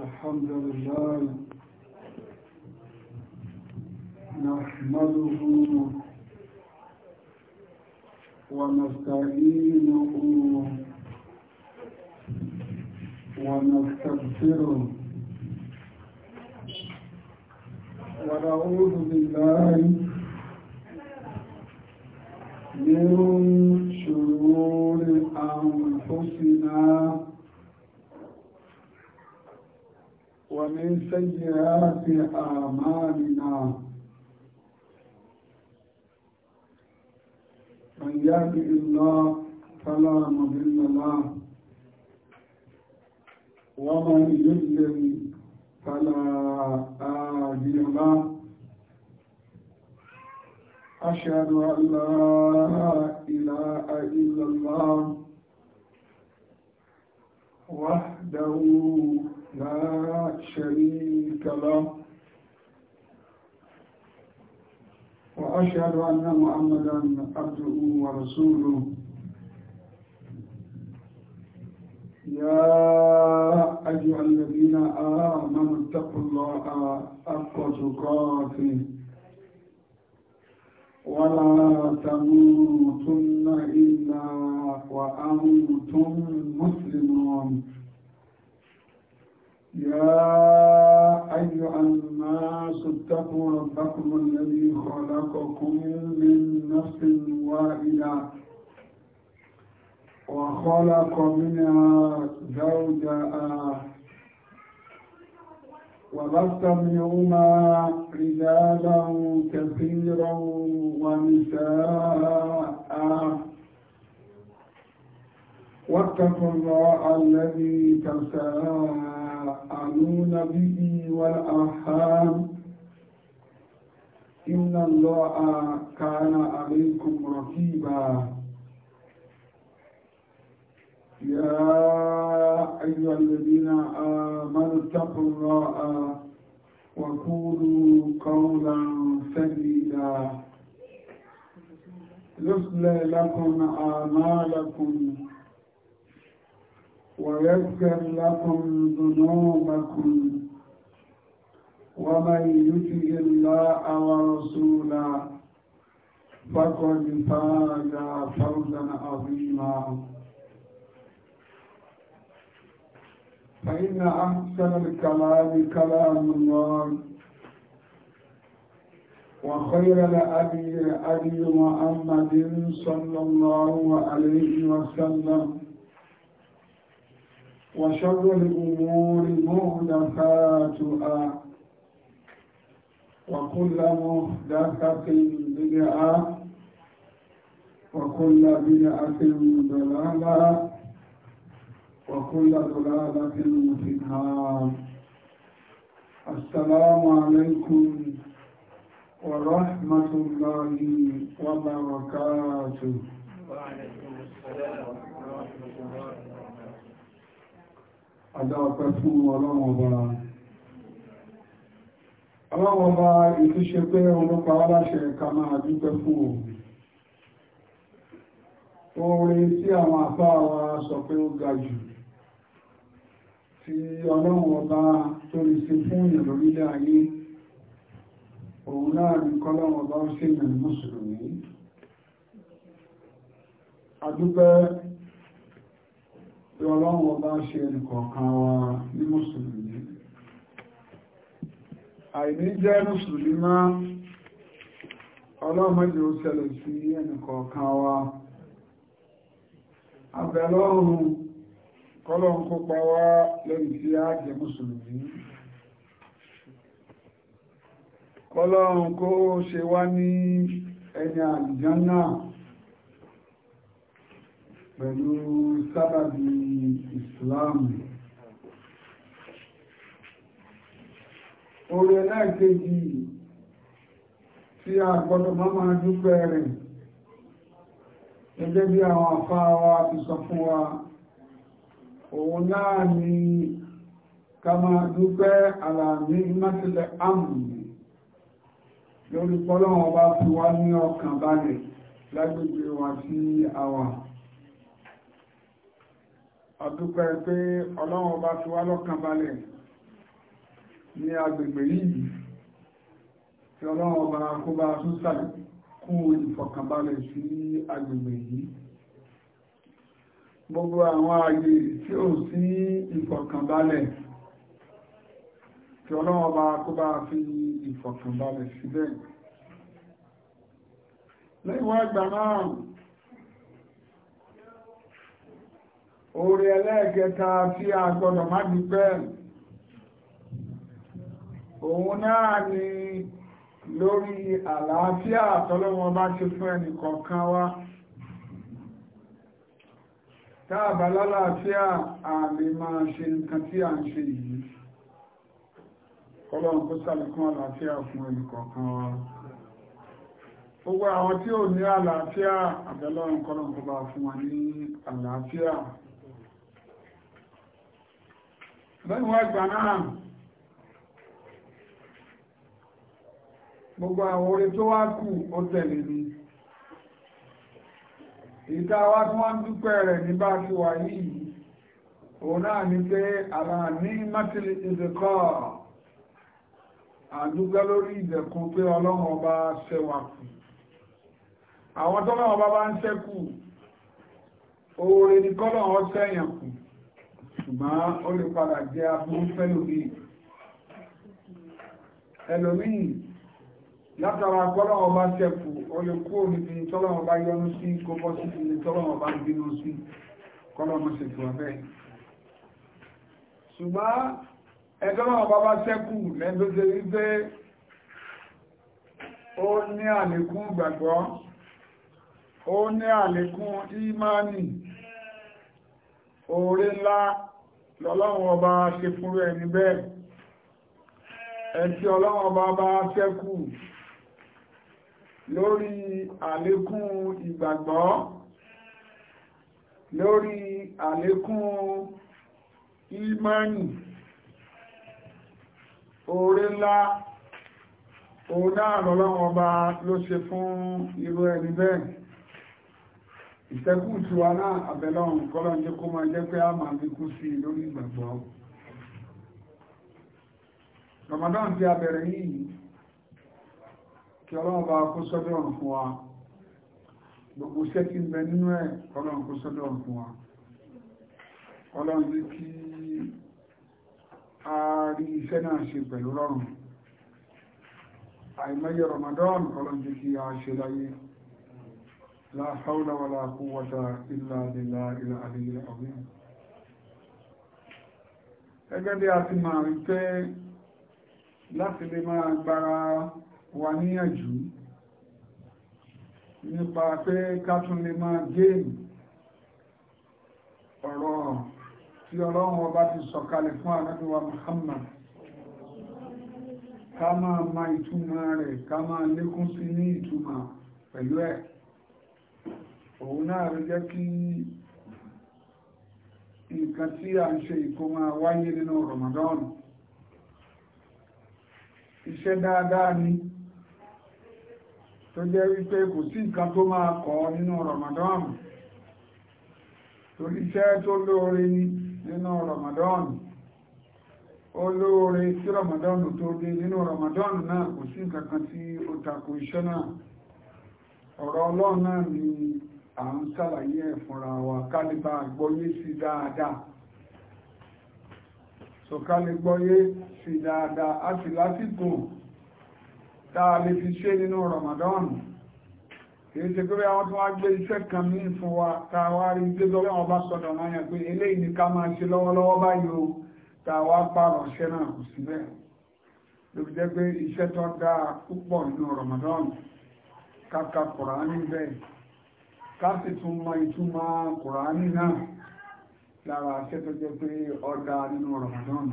الحمد لله نحمده ونستعينه ونستغفره ونعوذ بالله من شرور أنفسنا ومن سيئات أعمالنا من يهده الله فلا مضل له ومن يضلل فلا هادي له أشهد أن لا إله إلا الله وحده لا شريك له وأشهد أن محمدا عبده ورسوله يا أيها الذين آمنوا اتقوا الله حق تقاته ولا تموتن إلا وأنتم مسلمون يا أيها الناس اتقوا ربكم الذي خلقكم من نفس واحدة وخلق منها زوجها وبث منهما رجالا كثيرا ونساء واتقوا الله الذي تساءلون به والأرحام إن الله كان عليكم رقيبا يا أيها الذين آمنوا اتقوا الله وقولوا قولا سديدا يصلح لكم أعمالكم ويذكر لكم ذنوبكم ومن يطع الله ورسوله فقد فاز فوزا عظيما فإن أحسن الكلام كلام الله وخير لأبي أبي محمد صلى الله عليه وسلم وشر الأمور مهدفاتها وكل مهدفة بدعة وكل بدعة ضلالة وكل ضلالة في النار السلام عليكم ورحمة الله وبركاته وعليكم السلام ورحمة الله وبركاته أدعوكم الله وبركاته Ọlọ́wọ́ bá ìtúṣe pé olópa aláṣẹ ẹ̀ka máa dúpẹ́ fún òun. Oore tí àwọn àfáà wa sọ pé ó ga jù. tí ọlọ́run ọba tó lè ṣe fún ìyàn lórílẹ̀ ayé òun náà ní kọ́lọ́run ọba ó ṣe ìyàn mùsùlùmí adúpẹ́ tí ọlọ́run ọba ṣe ẹnìkọ̀ọ̀kan wa ní mùsùlùmí àìní jẹ́ mùsùlùmí máa ọlọ́run mẹ́jọ ṣẹlẹ̀ sí ẹnìkọ̀ọ̀kan wa abẹ́lọ́run kọ́lọ̀n kó pa wá lẹ́yìn tí a jẹ mùsùlùmí kọ́lọ̀n kó ṣe wá ní ẹni àlìjánà pẹ̀lú sábàbí ìsìláàmù orí ẹlẹ́ẹ̀kejì tí a gbọ́dọ̀ máa máa dúpẹ́ rẹ̀ gẹ́gẹ́ bí àwọn àfáà ti sọ fún wa òun náà ni ká máa dúpẹ́ ara ní mẹ́sílẹ̀ àmì lórí pọ́lọ́wọ́n bá fi wá ní ọkàn balẹ̀ lágbègbè wa sí àwa ọdúpẹ́ pé ọlọ́wọ́n bá fi wá lọ́kàn balẹ̀ ní agbègbè yìí tí ọlọ́wọ́n bá kó bá tún sàlékún ìfọ̀kànbalẹ̀ sí agbègbè yìí gbogbo àwọn ààyè tí ó sí ìfọ̀kànbalẹ̀ tí ọlọ́wọ́ bá kó bá fi ìfọ̀kànbalẹ̀ síbẹ̀ lẹ́yìn wá ìgbà náà orí ẹlẹ́ẹ̀kẹta tí a gbọ́dọ̀ má dúpẹ́ òun náà ni lórí àlàáfíà tọ́lọ́wọ́ bá ṣe fún ẹnìkọ̀ọ̀kan wa táàbà lálàáfíà àmì máa ṣe nǹkan tí a ń ṣe yìí kọlọ́run kó sàlékún àlàáfíà fún ẹnìkọ̀ọ̀kan wa gbogbo àwọn tí ò ní àlàáfíà àbẹ́lọ́run kọlọ́run kó bá fún wa ní àlàáfíà lẹ́yìn wá ìgbà náà gbogbo àwọn orin tó wá kù ó tẹ̀lé ni ìta wá tí wọ́n dúpẹ́ rẹ̀ ní bá ti wà yìí òun náà ni pé àlàní mátìlì ìdẹ̀kọ́ àdúgbẹ́ lórí ìdẹ̀kùn pé ọlọ́run ọba ṣẹwà kù àwọn tọ́lọ́run ọba bá ń ṣẹ́kù oore ni kọ́lọ́run ṣẹ̀yàn kù ṣùgbọ́n ó lè padà jẹ́ abúrú fẹ́lòmíì ẹlòmíì látara kọ́lọ́wọ́ bá tẹ̀kù ó lè kú òmìnir tọ́lọ́wọ́ bá yọnú sí kó bọ́ sí ilé tọ́lọ́wọ́ bá bínú sí kọ́lọ́wọ́ sì tó abẹ́ ṣùgbọ́n ẹ̀tọ́lọ́wọ́ bá bá tẹ̀kù lẹ́gbẹ́sẹ̀ wípé ó ní àlékún gbàgbọ́ ó ní àlékún ìmánì oore ńlá lọ́lọ́wọ́ ọba ṣe fúnrú ẹni bẹ́ẹ̀ ẹ̀tí ọlọ́wọ́ ọba bá tẹ̀kù lórí àlékún ìgbàgbọ́ lórí àlékún ìmánì oore ńlá òun náà lọ́lọ́wọ́ bá ló ṣe fún irú ẹni bẹ́ẹ̀ ìtẹ́kù tí wà náà àbẹ̀lọ́run kọ́lọ̀ jẹ́ kó máa jẹ́ pé a máa fi kú sí lórí ìgbàgbọ́ Ramadan tí a bẹ̀rẹ̀ yìí kí ọlọ́run bá kó sọ́dọ̀ ọ̀run fún wa gbogbo iṣẹ́ tí ń bẹ nínú ẹ̀ ọlọ́run kó sọ́dọ̀ ọ̀run fún wa ọlọ́run ní kí a rí iṣẹ́ náà ṣe pẹ̀lú rọrùn àìmọye Ramadan ọlọ́run jẹ́ kí a ṣe láyé la hawla wala quwwata illa billahi al-aliyyil azim gẹ́gẹ́ bí a ti máa rí pé láti lè máa gbára wà níyànjú nípa pé ká tún lè máa géèmù ọ̀rọ̀ tí ọlọ́run ọba ti sọ̀kalẹ̀ fún ànábì wa Muhammad ká máa ma ìtumọ̀ rẹ̀ ká máa lékún sí ní ìtumọ̀ pẹ̀lú ẹ̀ òun náà rí jẹ́ kí nǹkan tí a ń ṣe ìkó máa wáyé nínú Ramadan iṣẹ́ dáadáa ni. No tó jẹ́ wípé kò sí nǹkan tó máa kọ́ nínú Ramadan torí iṣẹ́ tó lóore ní nínú Ramadan ó lóore tí Ramadan tó dé nínú Ramadan náà kò sí nǹkan kan tí ó tako iṣẹ́ náà ọ̀rọ̀ ọlọ́run náà ni à ń ṣàlàyé ẹ̀ fúnra wa ká gbọ́yé sí dáadáa sọ̀ká gbọ́yé sí dáadáa á lásìkò táa lè fi ṣe nínú Ramadan kìí ṣe pé àwọn tó wá gbé iṣẹ́ kan ní fún wa táa wá rí gbé lọ́wọ́ àwọn bá sọ̀dọ̀ náà yẹn pé eléyìí ni ká máa ṣe lọ́wọ́lọ́wọ́ báyìí o táa pààrọ̀ ṣẹ́ náà kò sí bẹ́ẹ̀ ló fi jẹ́ pé iṣẹ́ tó dáa púpọ̀ nínú Ramadan kàkà Kùránì bẹ́ẹ̀ ká sì tún mọ ìtumọ̀ Kùránì náà lára iṣẹ́ tó jẹ́ pé ó nínú Ramadan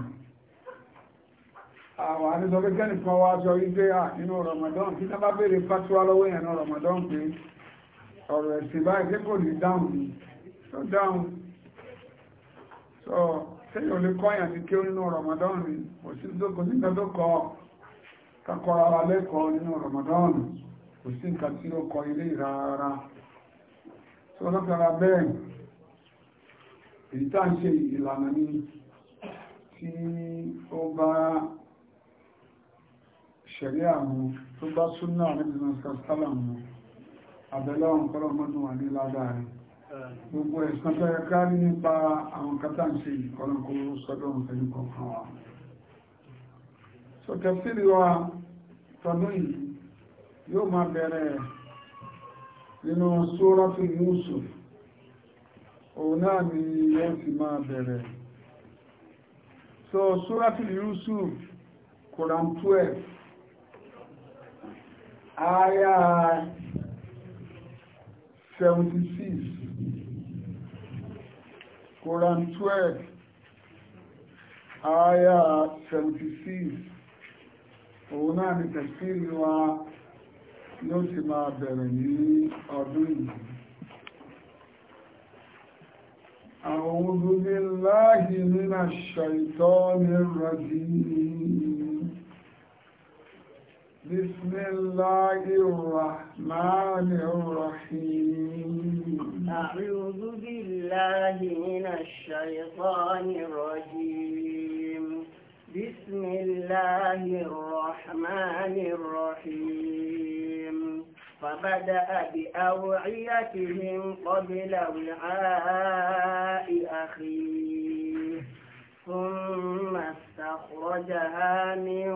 àwọn àdìsọ́gbé kẹ́nìkan wá sọ wípé à nínú Ramadan kí tábà béèrè fatuwa lọ́wọ́ yẹn náà Ramadan pé ọ̀rọ̀ ẹ̀sìn báyìí pé kò ní dáhùn ní tó dáhùn sọ sẹ́yìn ò lè kọ́yàn ti kí ó nínú Ramadan ni kò sí tó nǹkan tó kọ kakọ ara lẹ́kọ̀ọ́ nínú Ramadan kò sí nǹkan tí ó kọ ilé rárá sọ lọ́kàrà bẹ́ẹ̀ èyí tá ń ṣe ìlànà ni tí ó bá ṣẹ̀rí àwọn tó bá súnà nígbìmọ̀ sàtàlà mú àbẹ̀lọ́run kọ́lọ̀ mọ́dún wà ní lágbàárí gbogbo ẹ̀sán tó yẹ ká nípa àwọn kátà ń ṣe ìkọlọ̀kọ́ sọ́dọ̀run pẹ̀lú kọ̀ọ̀kan wa so tẹ̀sílì wa tọdún yìí yóò máa bẹ̀rẹ̀ nínú sóràtù Yusuf òun Yusuf Quran 12 àyà 76 Quran 12 àyà 76 òun náà ni tẹ̀sílì wa yóò ti máa bẹ̀rẹ̀ ní ọdún yìí أعوذ بالله من الشيطان الرجيم بسم الله الرحمن الرحيم أعوذ بالله من الشيطان الرجيم بسم الله الرحمن الرحيم فبدأ بأوعيتهم قبل وعاء أخيه ثم استخرجها من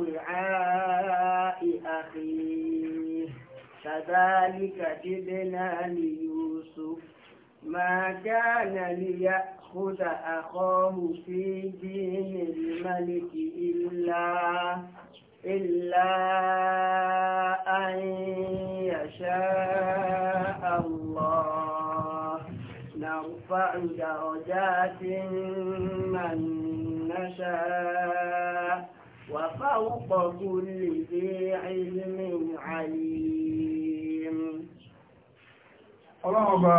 وعاء أخيه كذلك جبنا ليوسف ما كان ليأخذ أخاه في دين الملك إلا إلا أن يشاء الله نرفع درجات من نشاء وفوق كل ذي علم عليم ọlọ́run ọba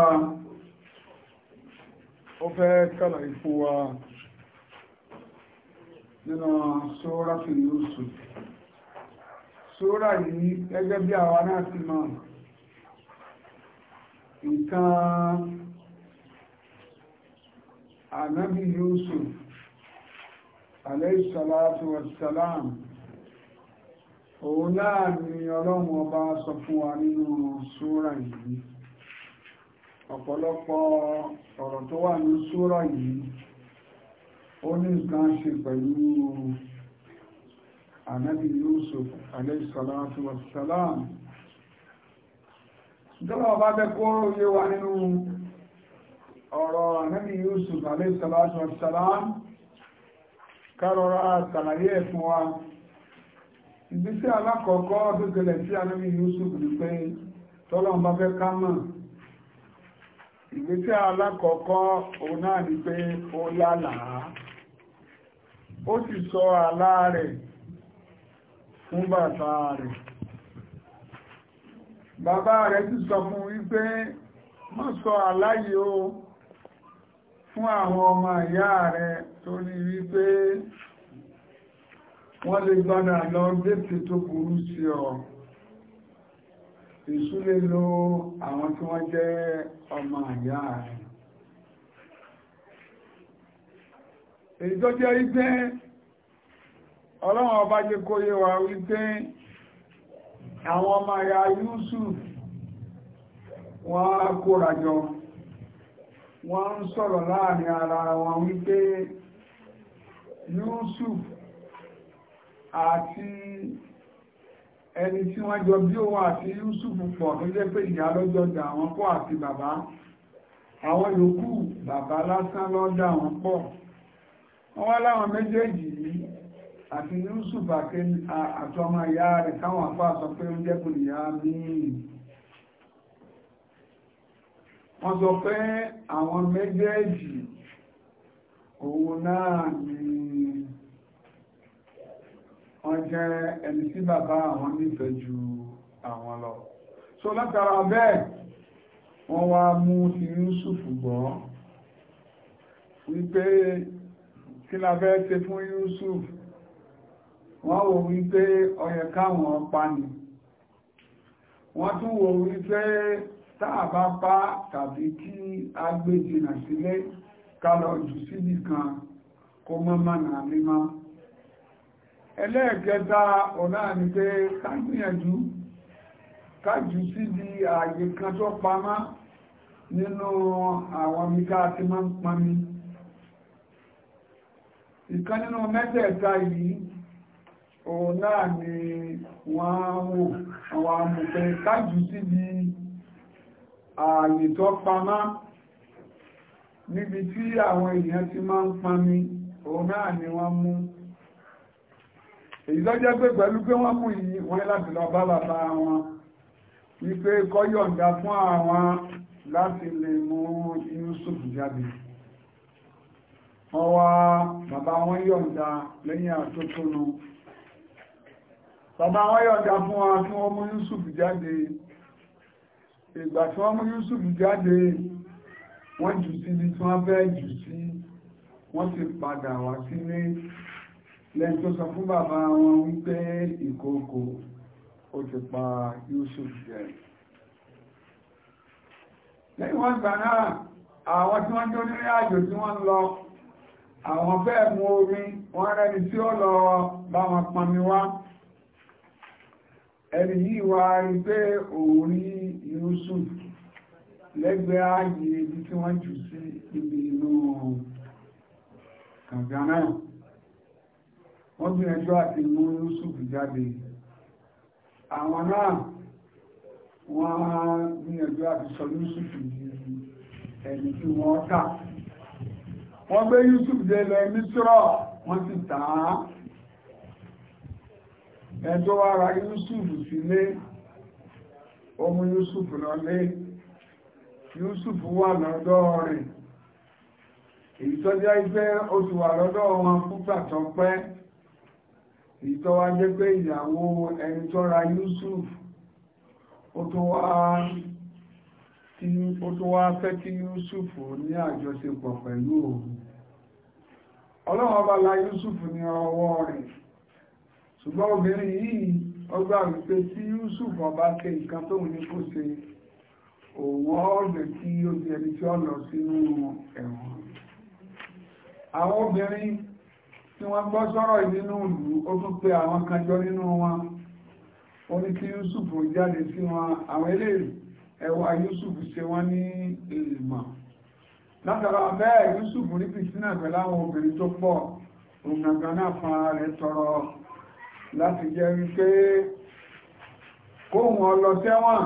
ó fẹ́ kàlàyé fún wa nínú sóra fi lóṣù sóra yìí gẹ́gẹ́ bí àwa náà ti mọ̀ nǹkan ànábì Yusuf aléìsàlátù wàsàlám òun náà ni ọlọ́run ọba sọ fún wa nínú súra yìí ọ̀pọ̀lọpọ̀ ọ̀rọ̀ tó wà ní súra yìí ó ní nǹkan ṣe pẹ̀lú ànábì Yusuf aléìsàlátù wàsàlám ìjọba ọba bẹ́kọ́ yé wa nínú ọ̀rọ̀ ànábì Yusuf alayhi kárọ̀rọ̀ àtàlàyé ẹ̀ fún wa ìgbésẹ̀ alákọ̀ọ́kọ́ tó sí ànábì Yusuf ní pé tọ́lọ́n fẹ́ ká mọ̀ ìgbésẹ̀ alákọ̀ọ́kọ́ òun náà ni pé ó lálàá ó sì sọ àlá rẹ̀ fún bàbá rẹ̀ bàbá rẹ̀ sì sọ fún wípé sọ o fún àwọn ọmọ ìyá rẹ̀ torí wípé wọ́n lè gbọ́dà lọ gbèsè tó burú sí ọ èṣù lè lo àwọn tí wọ́n jẹ́ ọmọ ìyá rẹ̀ èyí tó jẹ́ wípé ọlọ́wọ́n ọba jẹ́ kó yé wa wípé àwọn ọmọ ìyá Yúsùf wọ́n kóra jọ wọ́n ń sọ̀rọ̀ láàrin ara wọn wípé Yusuf àti ẹni tí wọ́n jọ bí òun àti Yusuf pọ̀ tó jẹ́ pé ìyá lọ́jọ́ dà wọ́n pọ̀ àti bàbá àwọn yòókù bàbá lásán ló wọ́n pọ̀ wọ́n wá láwọn méjèèjì yìí àti Yusuf àtọmọ ìyá rẹ̀ táwọn àpá sọ pé ó jẹ́kùn ìyá míì wọ́n sọ pé àwọn méjèèjì òun náà ni wọ́n jẹ́ ẹni tí bàbá àwọn nífẹ̀ẹ́ ju àwọn lọ so látara bẹ́ẹ̀ wọ́n wá mú ti Yúsùfù gbọ́ wípé kí la fẹ́ fún Yúsùfù wọ́n wò wípé ó káwọn pa ni wọ́n tún wò wípé táàbá bá tàbí kí a gbé jìnà sílẹ̀ ká lọ jù síbì kan kó mọ́ mọ́nà mímọ́ ẹlẹ́ẹ̀kẹta ọ̀nà ni pé ká gbìyànjú ká jù síbi ààyè kan tó pamọ́ nínú àwọn mika tí máa ń pami ìkan nínú mẹ́tẹ̀ẹ̀ta yìí òun ni wọ́n wò àwọn amòfẹ́ ká jù síbi ààyè tó pamá níbi tí àwọn èèyàn ti máa ń pami òun náà ni wọ́n mú èyí lọ́jọ́ pé pẹ̀lú pé wọ́n mú yìí wọ́n láti lọ bá bàbá wọn wípé kọ́ yọ̀ǹda fún àwọn láti lè mú Yusuf jáde wọ́n wá bàbá wọn yọ̀ǹda lẹ́yìn àtótónu bàbá wọn yọ̀ǹda fún wọn kí wọ́n mú Yusuf jáde ìgbà tí wọ́n mú Yusuf jáde wọ́n jù sí ibi tí wọ́n fẹ́ jù sí wọ́n ti padà wá sílé lẹ́yìn tó sọ fún bàbá wọn wípé ìkookò ó ti pa Yusuf jẹ lẹ́yìn wọ́n gbà náà àwọn tí wọ́n jẹ́ onírìn àjò tí wọ́n lọ àwọn fẹ́ mú omi wọ́n rẹ́ni tí ó lọ bá wọn pọnmi wá ẹni yìí wá rí pé òun rí Yusuf lẹ́gbẹ̀ẹ́ ààyè ibi tí wọ́n jù sí ibi inú kànga náà wọ́n gbìyànjú àti mú Yusuf jáde àwọn náà wọ́n gbìyànjú àti sọ Yusuf di ẹni tí wọ́n tà wọ́n gbé Yusuf dé lọ Mísírà wọ́n sì tà á ẹjọ́ wá yusuf Yusuf sílé ọmọ Yusuf náà lọlé Yusuf wà lọ́dọ̀ rẹ̀ èyí tó jẹ́ pé ó wà lọ́dọ̀ wọn púpà tó pẹ́ èyí tó wá jẹ́ pé ìyàwó ẹni tó ra Yusuf ó tó wá fẹ́ kí Yusuf ní àjọṣepọ̀ pẹ̀lú òun ọlọ́run ọba la Yusuf ní ọwọ́ rẹ̀ ṣùgbọ́n obìnrin yìí ọgbà wípé tí Yusuf ọba ṣe nǹkan tóun ní kó ṣe òwò ọ̀nà tí ó di ẹni tí ó lọ sínú ẹ̀wọ̀n àwọn obìnrin tí wọ́n gbọ́ sọ́rọ̀ nínú ìlú ó tún pé àwọn kan nínú wọn Yusuf jáde sí wọn àwọn Yusuf ṣe ní látara bẹ́ẹ̀ Yusuf ní pìtínà pẹ̀lú àwọn obìnrin tó pọ̀ láti jẹ́ wípé kóhun ọlọ tẹ́wọ̀n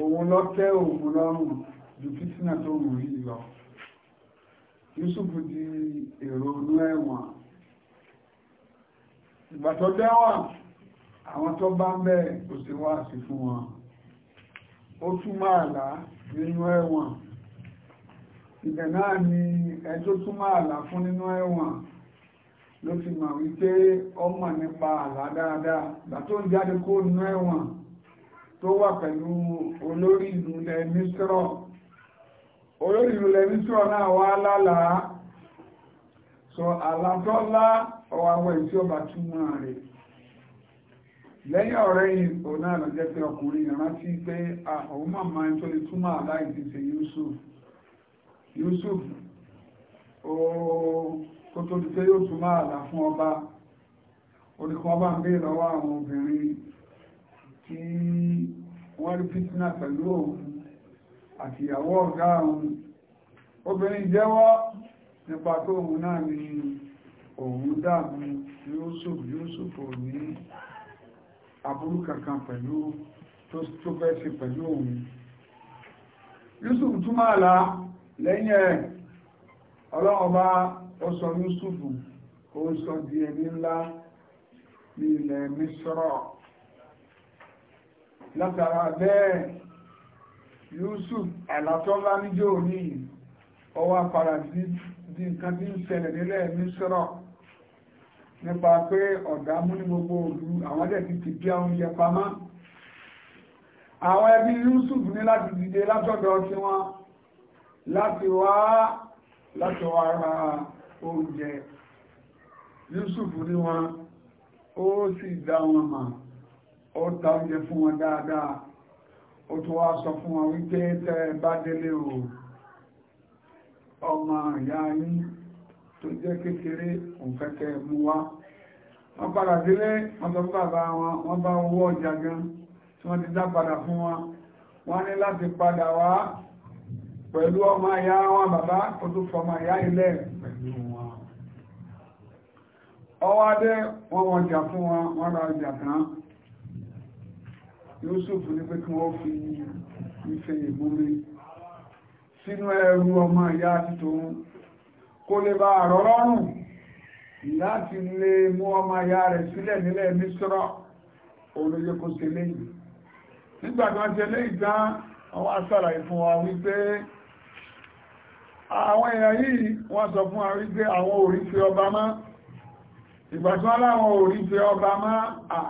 òun lọ tẹ́ òun lọ́rùn ju tó wù rí lọ Yusuf di èrò inú ẹ̀wọ̀n ìgbà tó dẹ́wọ̀n àwọn tó bá ń bẹ́ẹ̀ kò sí wá sí fún wọn ó tún máa nínú ẹ̀wọ̀n ìbẹ̀ náà ni ẹjọ́ tún máa fún nínú ẹ̀wọ̀n ló ti mọ̀ wípé ọmọ nípa àlá dáadáa gbà tó ń jáde kó nú ẹ̀wọ̀n tó wà pẹ̀lú olórí ìlú ilẹ̀ olórí ìlú ilẹ̀ náà wá lálàá sọ àlàtọ́lá ọwọ́ àwọn èyí tí ó bá túmọ̀ rẹ̀ lẹ́yìn ọ̀rẹ́ yìí kò náà lọ jẹ́ pé ọkùnrin rántí pé àwọn màmá tó lè túmọ̀ kó tó ti pé yóò tún máa là fún ọba oníkan ọba ń béèrè lọ́wọ́ àwọn obìnrin tí wọ́n rí fìtínà pẹ̀lú òun àti ìyàwó ọ̀gá òun obìnrin jẹ́wọ́ nípa tó òun náà ni òun dàmú Yúsúfù Yúsúfù ní aburú kankan pẹ̀lú tó fẹ́ sí pẹ̀lú òun Yúsúfù tún máa lẹ́yìn ẹ̀ ọlọ́ọ̀bá ó sọ Yusufu ó sọ di ẹni ńlá ní ilẹ̀ Mísírọ̀ látara bẹ́ẹ̀ Yusuf àlàtọ́lá níjọ́ òní ọwọ́ apara di nǹkan tí ń ṣẹlẹ̀ nílẹ̀ Mísírọ̀ nípa pé ọ̀dà mú ní gbogbo òlu àwọn ẹ̀dẹ̀ ti ti bí àwọn oúnjẹ pamọ́ àwọn ẹbí Yusuf ní láti dìde látọ̀dọ̀ tiwọn láti wá láti wá ra oúnjẹ Yusuf ní wọn ó sì dá wọn mà ó ta oúnjẹ fún wọn dáadáa ó tó wá sọ fún wọn wípé tẹ́ bá délé o ọmọ ìyá yín tó jẹ́ kékeré òun fẹ́ kẹ́ mú wá wọ́n padà délé wọ́n sọ fún bàbá wọn wọ́n bá owó ọjà gan tí wọ́n ti dá padà fún wọn wọ́n ní láti padà wá pẹ̀lú ọmọ ìyá wọn bàbá kò tó fọmọ ìyá ilẹ̀ pẹ̀lú wọn ọwọ́ adé wọ́n wọ́n jà fún wọn wọ́n ra ọjà tán Yusuf ní pé kí wọ́n fi ife ìmúmi sínú ẹrù ọmọ ìyá títòun kó lè bá àrọ̀ rọrùn láti lè mú ọmọ ìyá rẹ̀ sílẹ̀ nílẹ̀ mísírọ̀ olóyè kó ṣe léyìn nígbà tí wọ́n ṣe léyìn tán wọ́n á sàlàyé fún wa wípé àwọn èèyàn yìí wọ́n sọ fún wa wípé àwọn orí fi ọba má ìgbà tí wọ́n láwọn orí fi ọba má à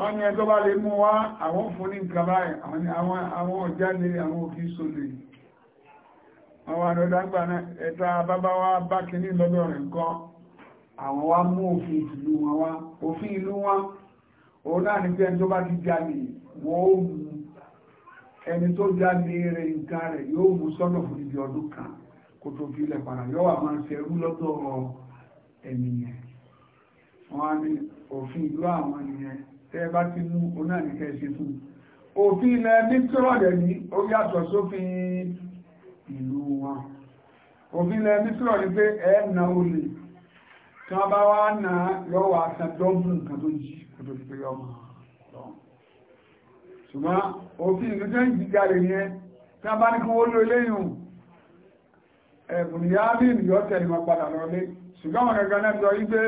wọ́n ní ẹjọ́ bá lè mú wá àwọn fún ní nǹkan báyìí àwọn ọ̀jáde àwọn òkè sólè àwọn àdọ́dágbà ẹ̀ta bábá wá bá kìíní lọ́dọ̀ rẹ̀ nǹkan àwọn wá mú òfin ìlú wọn wá òfin ìlú wọn òun náà ní pé ẹjọ́ bá ti jalè wọ́n ó mú ẹni tó já ní eré nǹkan rẹ̀ yóò mú sọ́nà fún ibi ọdún kan kó tó fi ilẹ̀ padà yóò wà máa ṣe ẹrú lọ́dọ̀ ènìyàn wọn á ní òfin ìlú àwọn ènìyàn tẹ́ bá ti mú onáàníkẹ́ ṣe fún òfin ilẹ̀ mítírọ̀dẹ̀ ní ó yàtọ̀ sófin ìlú wọn òfin ilẹ̀ mítírọ̀ ní pé ẹ na olè tí wọ́n bá wá náà lọ́wọ́ àtàdọ́gbùn nǹkan tó jí kó tó fi pé ọmọ ṣùgbọ́n òfin ìlú tó ń jíjáre yẹn tí a bá ní kí wọ́n ló léyìn ẹ̀bùn ìyá bí ìyọ́ tẹ̀lé wọn padà lọlé ṣùgbọ́n wọn gẹ́gẹ́ náà sọ wípé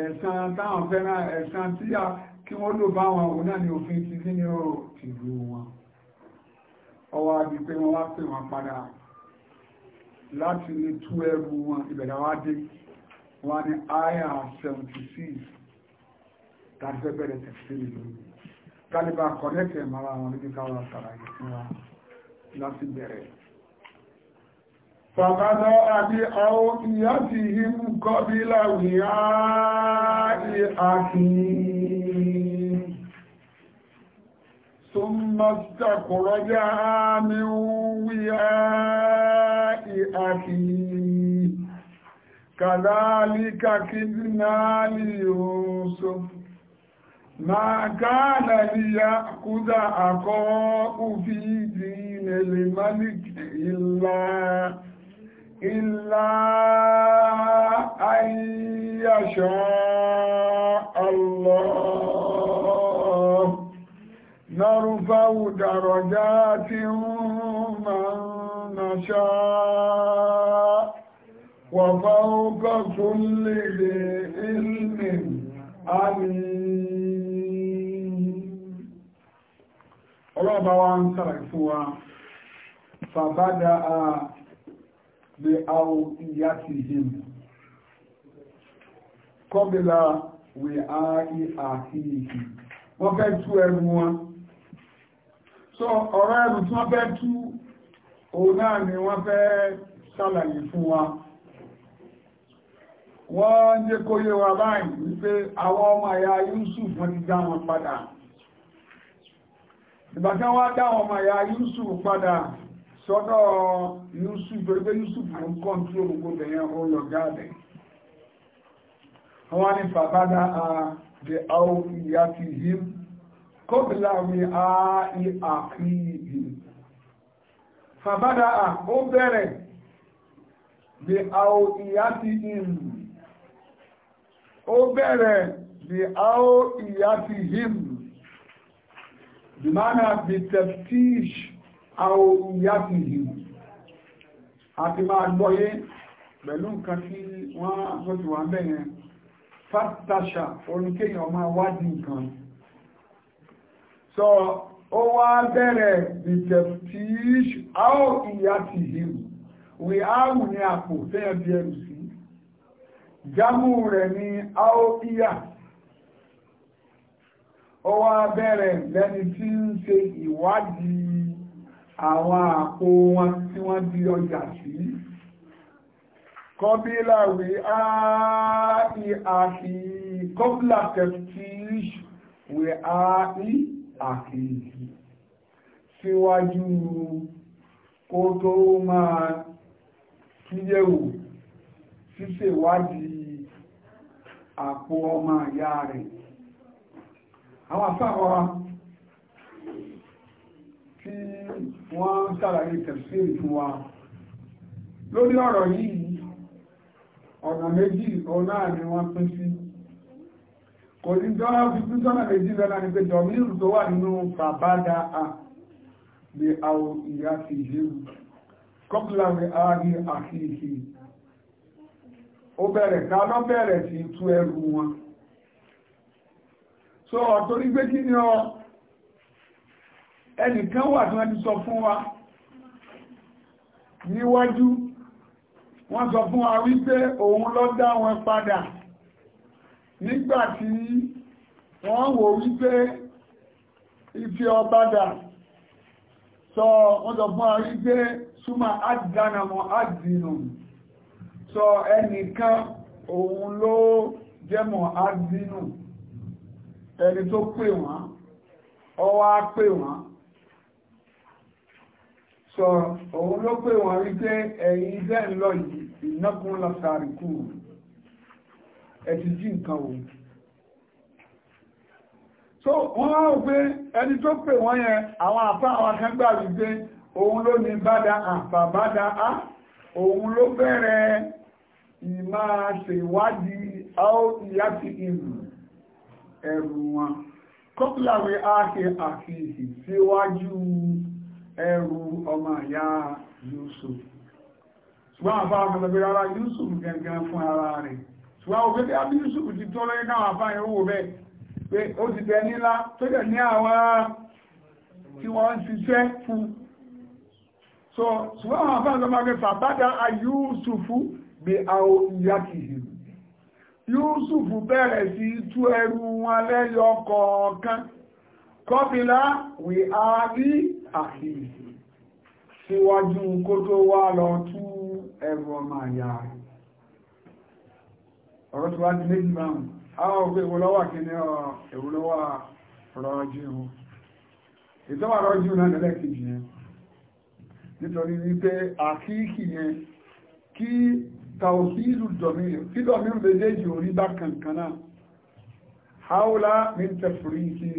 ẹ̀sán táwọn fẹ́ràn ẹ̀sán tí a kí wọ́n lò bá wọn òun náà ni òfin ti kí ni ó ti lu wọn ọwọ́ àbí pé wọ́n wá pè wọn padà láti lè tú ẹrù wọn ìbẹ̀rẹ̀ wá dé wọ́n ní àyà 76 tàbí fẹ́ bẹ̀rẹ̀ tẹ̀sílẹ̀ lórí kálíbà kọ̀lẹ́kẹ̀ mara wọn níbi káwà sàràyè fún wa láti bẹ̀rẹ̀. Fàbádọ́ àbí àwọn ìyá ti hìm gọ́bí láwìá ìhàkì ثم استخرجها من وياء أخيه كذلك كدنا ليوسف ما كان ليأخذ أخاه في دين الملك إلا إلا أن يشاء الله نرفع درجات من نشاء وفوق كل ذي علم عليم ọlọ́ọ̀bá wa ń sàrẹ̀ fún wa fàbádà á lè àwọ̀ ìyá ti hìm kọ́bílà wè á ì àti ìhì wọ́n fẹ́ tú ẹrù wọn so ọ̀rọ̀ ẹrù tí wọ́n fẹ́ tú òun náà ni wọ́n fẹ́ sàlàyé fún wa wọ́n jẹ́ kó wa báyìí wípé àwọn ọmọ ẹ̀yà Yusuf wọ́n ti dá wọn padà ìgbàkan wá dá ọmọ ìyá Yusuf padà sọ́dọ̀ Yusuf torí pé Yusuf ló ń kọ́ntú gbogbo bẹ̀yẹn oyọ̀ gáàdẹ̀ wọ́n ní fàbádá a dẹ̀ àwòrìyà ti him kọ́bìlà mi a ì àkíyì fàbádá a ó bẹ̀rẹ̀ dẹ̀ àwòrìyà ti him ó bẹ̀rẹ̀ dẹ̀ àwòrìyà ti him bìmánà biteftish aoyatihi àti máa gbọ́yé pẹ̀lú nǹkan tí wọ́n àtúntò wà bẹ́yẹn fatasha oníkéyàn máa wádìí nǹkan so ó wá bẹ̀rẹ̀ biteftish aoyatihi wíháwù ní àpò tẹ́yẹ̀ bí ẹrù sí jámù rẹ̀ ní aoyatihi ó wá bẹ̀rẹ̀ lẹ́ni tí ń ṣe ìwádìí àwọn àpò wọn tí wọ́n di ọjà sí kọbíláwé ààrí àti kọbílà tẹ̀tíṣ wé ààrí àti síwájú kó tó máa kíyẹ̀wò ṣíṣèwádìí àpò ọmọ ìyá rẹ̀ àwọn àfáàwà tí wọ́n sàlàyé tẹ̀sílì fún wa lórí ọ̀rọ̀ yìí ọ̀nà méjì ọ̀nà ni wọ́n pín sí kò ní jọ́nà fífún jọ́nà méjì lọ́nà ní pé jọmílù tó wà nínú fàbádà à lè àwọ̀ ìyá ti ìṣẹ́rù kọ́pùlà rẹ̀ ààrí àti ìṣẹ́ ó bẹ̀rẹ̀ ká lọ bẹ̀rẹ̀ sí tú ẹrù wọn so torí pé kí ni ọ ẹnìkan wà tí wọ́n ti sọ fún wa níwájú wọ́n sọ fún wa wípé òun ló dá wọn padà nígbàtí wọ́n wò wípé ife ọbádà sọ wọ́n sọ fún wa wípé súnmọ́ àdánamọ̀ àdínù sọ ẹnìkan òun ló jẹ́mọ̀ àdínù ẹni tó pè wọ́n ọwá pè wọ́n sọ òun ló pè wọ́n wípé ẹ̀yin iṣẹ́ ń lọ yìí ìnákun lọ́sàárì kù ẹ ti jí nǹkan o so wọ́n wá wò pé ẹni tó pè wọ́n yẹn àwọn àpá àwọn akẹ́gbà wípé òun ló ní bàdà àpà bàdà á òun ló bẹ̀rẹ̀ ìmáa ṣèwádìí àwọn ìyá ti ìlú ẹrù wọn kọ́pìláwé áhẹ àfihì síwájú ẹrù ọmọ ìyá Yusuf ṣùgbọ́n àbá àmọ́lẹ́bẹ̀ rárá Yusuf gẹ̀gẹ̀ fún ara rẹ̀ ṣùgbọ́n òfin bí abí Yusuf ti tọ́ lẹ́yìn náà àbá ìrówó bẹ́ẹ̀ pé ó ti bẹ nílá tó dẹ̀ ní àwọn tí wọ́n ń ṣiṣẹ́ fún so ṣùgbọ́n àwọn àbá àgbàmọ́gbẹ̀fà bá dá àwọn ìyá kìí Yusuf bẹ̀rẹ̀ sí tú ẹrù wọn lẹ́yọ kọ̀ọ̀kan kọ́bílá wì á rí àfi síwájú kó tó wá lọ tú ẹrù ọmọ àyà rẹ̀ ọ̀rọ̀ tó wá di méjì báhùn àwọn ògbé ìwòlọ́wà kí ní ìwòlọ́wà rọ́jú ìtọ́wà rọ́jú náà lẹ́lẹ́kìjì yẹn nítorí wípé àkíkì yẹn kí tàwọ̀fíìlù dọ̀míìrì tí dọ̀míìrì méjèèjì orí bá kankan náà haúlá ní tẹ̀fùrí sí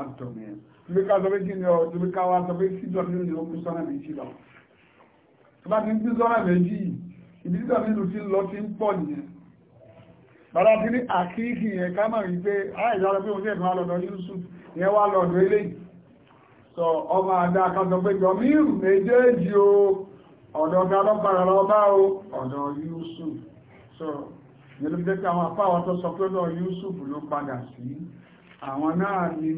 àtọ̀míìrì ibi ká sọ pé kí ni ọ ibi ká wá sọ pé sí dọ̀míìrì ni ó kú sọ́nà méjì lọ tó bá ti ń pín sọ́nà méjì ibi tí dọ̀míìrì ti lọ ti ń pọ̀ nìyẹn bàbá ti ní àkíkì yẹn ká mọ̀ wípé àìsàn lọ pé òun yẹn máa lọ́dọ̀ Yusuf yẹn wá lọ́dọ̀ eléyìí sọ ọmọ àdá kan sọ pé dọ̀míìrì méjèèjì o ọ̀dọ̀ ọ̀gá lọ́gbàrà lọ o ọ̀dọ̀ Yusuf so nílùú jẹ́ pé àwọn apá ọ̀tọ́ sọ pé ọ̀dọ̀ Yusuf ló padà sí àwọn náà ni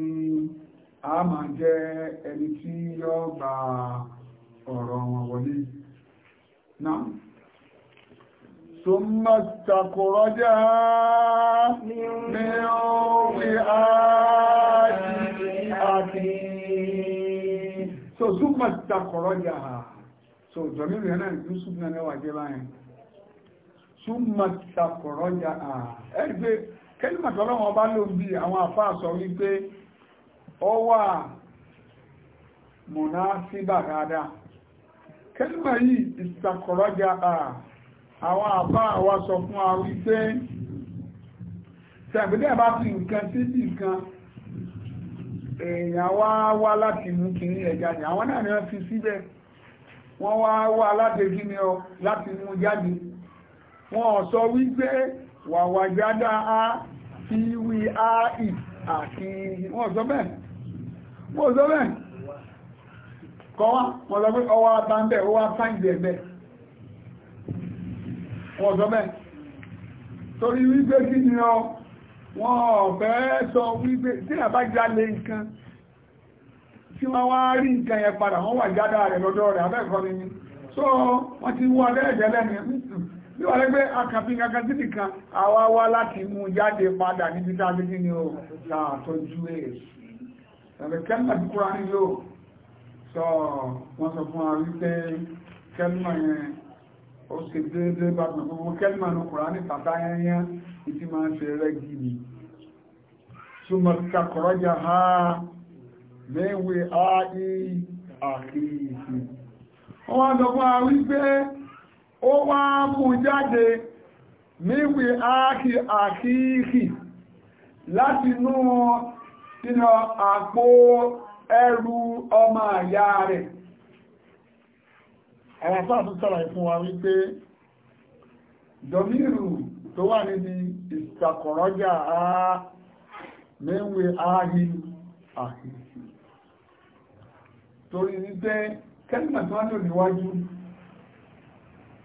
a máa jẹ́ ẹni tí yóò gba ọ̀rọ̀ wọn wọlé náà so ثم استخرجها so jọmílù yẹn náà yusuf náà náà wà jẹ́ báyẹn súnmọ́ sàkọ̀rọ̀jà ẹ̀rí pé kẹ́lìmọ̀tọ́ ọlọ́wọ́n bá ló ń bí àwọn àfáà sọ wípé ọ wà mọ̀nà síbà dáadáa kẹ́lìmọ̀ yìí ìsàkọ̀rọ̀jà àwọn àfáà wa sọ fún wa wípé tẹ̀gbẹ́dẹ́ bá fi nǹkan síbì kan èèyàn wá wá láti mú kiri ẹ̀já àwọn náà ni wọ́n fi síbẹ̀ wọ́n wá wá láti kí ni ọ láti mú jáde wọ́n sọ wípé wàwà jádá á fi wí á ì àti wọ́n sọ bẹ́ẹ̀ wọ́n sọ bẹ́ẹ̀ kọ́ wá wọ́n sọ pé ọwọ́ abáńbẹ̀ ó wá fáìndẹ̀ bẹ́ẹ̀ wọ́n sọ bẹ́ẹ̀ tí wọ́n wá rí nǹkan yẹn padà wọ́n wà jádá rẹ̀ lọ́dọ̀ rẹ̀ abẹ́ẹ̀kọ́ ni so wọ́n ti wú adẹ́ẹ̀jẹ́ lẹ́nu bí wọ́n lẹ́gbẹ́ akàfi kankan sí nìkan àwa wá láti mú jáde padà ni ó ta tọ́jú ẹ̀ tàbí kẹ́lá ti kúra ní lò sọ wọ́n sọ fún wa wípé kẹ́lá yẹn ó ṣe déédéé bá mi gbogbo kẹ́lá ní kúra ní tàbá ni súnmọ́ kakọ̀rọ̀ jà háà léwé ààyè àkíyèsí wọ́n wá sọ fún a wípé ó wá mú jáde níwé ààkì àkíyèsí láti inú sínú àpò ẹrù ọmọ àyà rẹ̀ àwọn fáàtú sọ́rọ̀ fún wa wípé dọ̀míìrù tó wà níbi ìsàkọ̀rọ̀jà ààrẹ mẹ́wẹ́ ààyè àkíyèsí torí wípé kẹ́lìmọ̀ tí wọ́n lò níwájú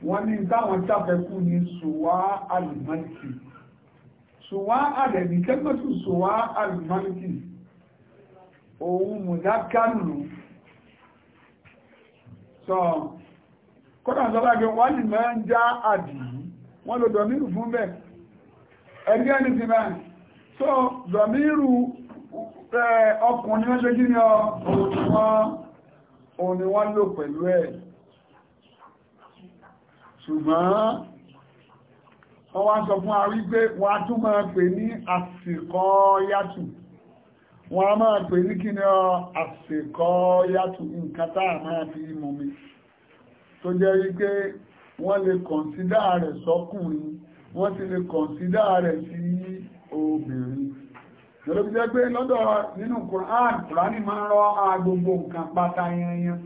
wọ́n ní táwọn tàbẹ̀kù ní ṣùwá alìmọ́lìkì ṣùwá alẹ̀bí kẹ́lìmọ̀tù ṣùwá alìmọ́lìkì òun mùdákànù sọ kọ́nà sọ́lágẹ́ wọ́n lè mẹ́ ń já àdì wọ́n lò dọ̀míru fún bẹ́ ẹgbẹ́ ẹni ti náà so dọ̀míru ọkùnrin wọ́n ṣe kí ni ọ òun ni wọ́n lò pẹ̀lú ẹ̀ ṣùgbọ́n wọ́n wá sọ fún arí pé wọ́n á tún máa pè ní àsìkọ́ yàtù wọ́n á máa pè ní kí ni ọ àsìkọ́ yàtù nǹkan táà máa fi mọ̀ mi tó jẹ́ wípé wọ́n lè kọ̀nsídà rẹ̀ sọ́kùnrin wọ́n ti lè kọ̀nsídà rẹ̀ sí obìnrin lọ́dọ̀ bí jẹ́ pé lọ́dọ̀ nínú Kùrán Kùránì máa ń rọ́ agbogbo nǹkan pátá yanyan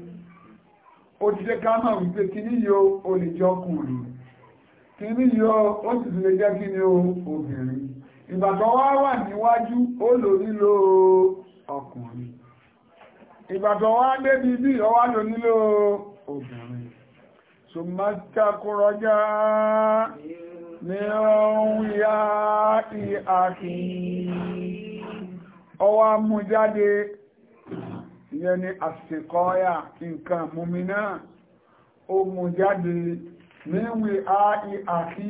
ó ti jẹ́ ká mọ̀ wípé kí ní yóò ó lè jẹ́ ọkùnrin kí ní yóò ó sì tún lè jẹ́ kí ní obìnrin ìgbàtọ̀ wá wà níwájú ó lò nílò ọkùnrin ìgbàtọ̀ wá débi bí ọwá lò nílò obìnrin so máa takùrọjá min ya'i akhi ọwá mú jáde ìyẹn ni àsìkọ́yà nǹkan múmi náà ó mú jáde min ya'i akhi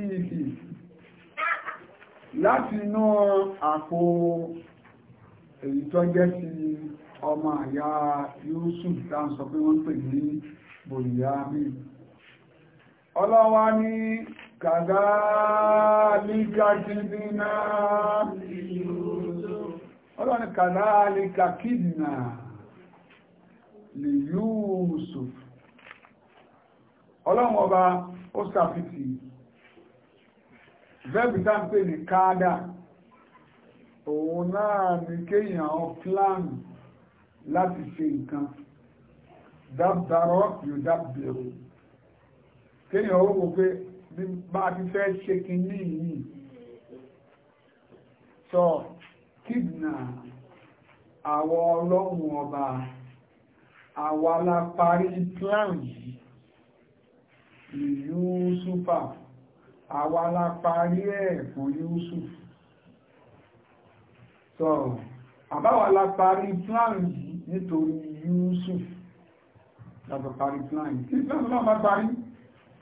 láti inú àpò èyí tó jẹ́ ti ọmọ àyà Yusuf tá ń sọ pé wọ́n pè ní bòyàmí ọlọ́wà ní kàdáàlìkà kìdìnà ọlọ́ni kàdáàlìkà kìdìnà lè Yúsùf ọlọ́run ọba ó sàfitì vẹ́bìtà ń pè ní káádà òun náà ní kéèyàn ọ́fílánù láti ṣe nǹkan dábdárọ́ yóò dábdẹ̀rọ kéèyàn ó wò pé bá a ti fẹ́ ṣe kìíní yìí sọ kìdìnà àwọn ọlọ́run ọba àwa la parí plan yìí ìlú súpà àwa la parí ẹ̀ fún Yusuf sọ àbáwa la parí plan yìí nítorí Yusuf la parí plan yìí kí plan náà má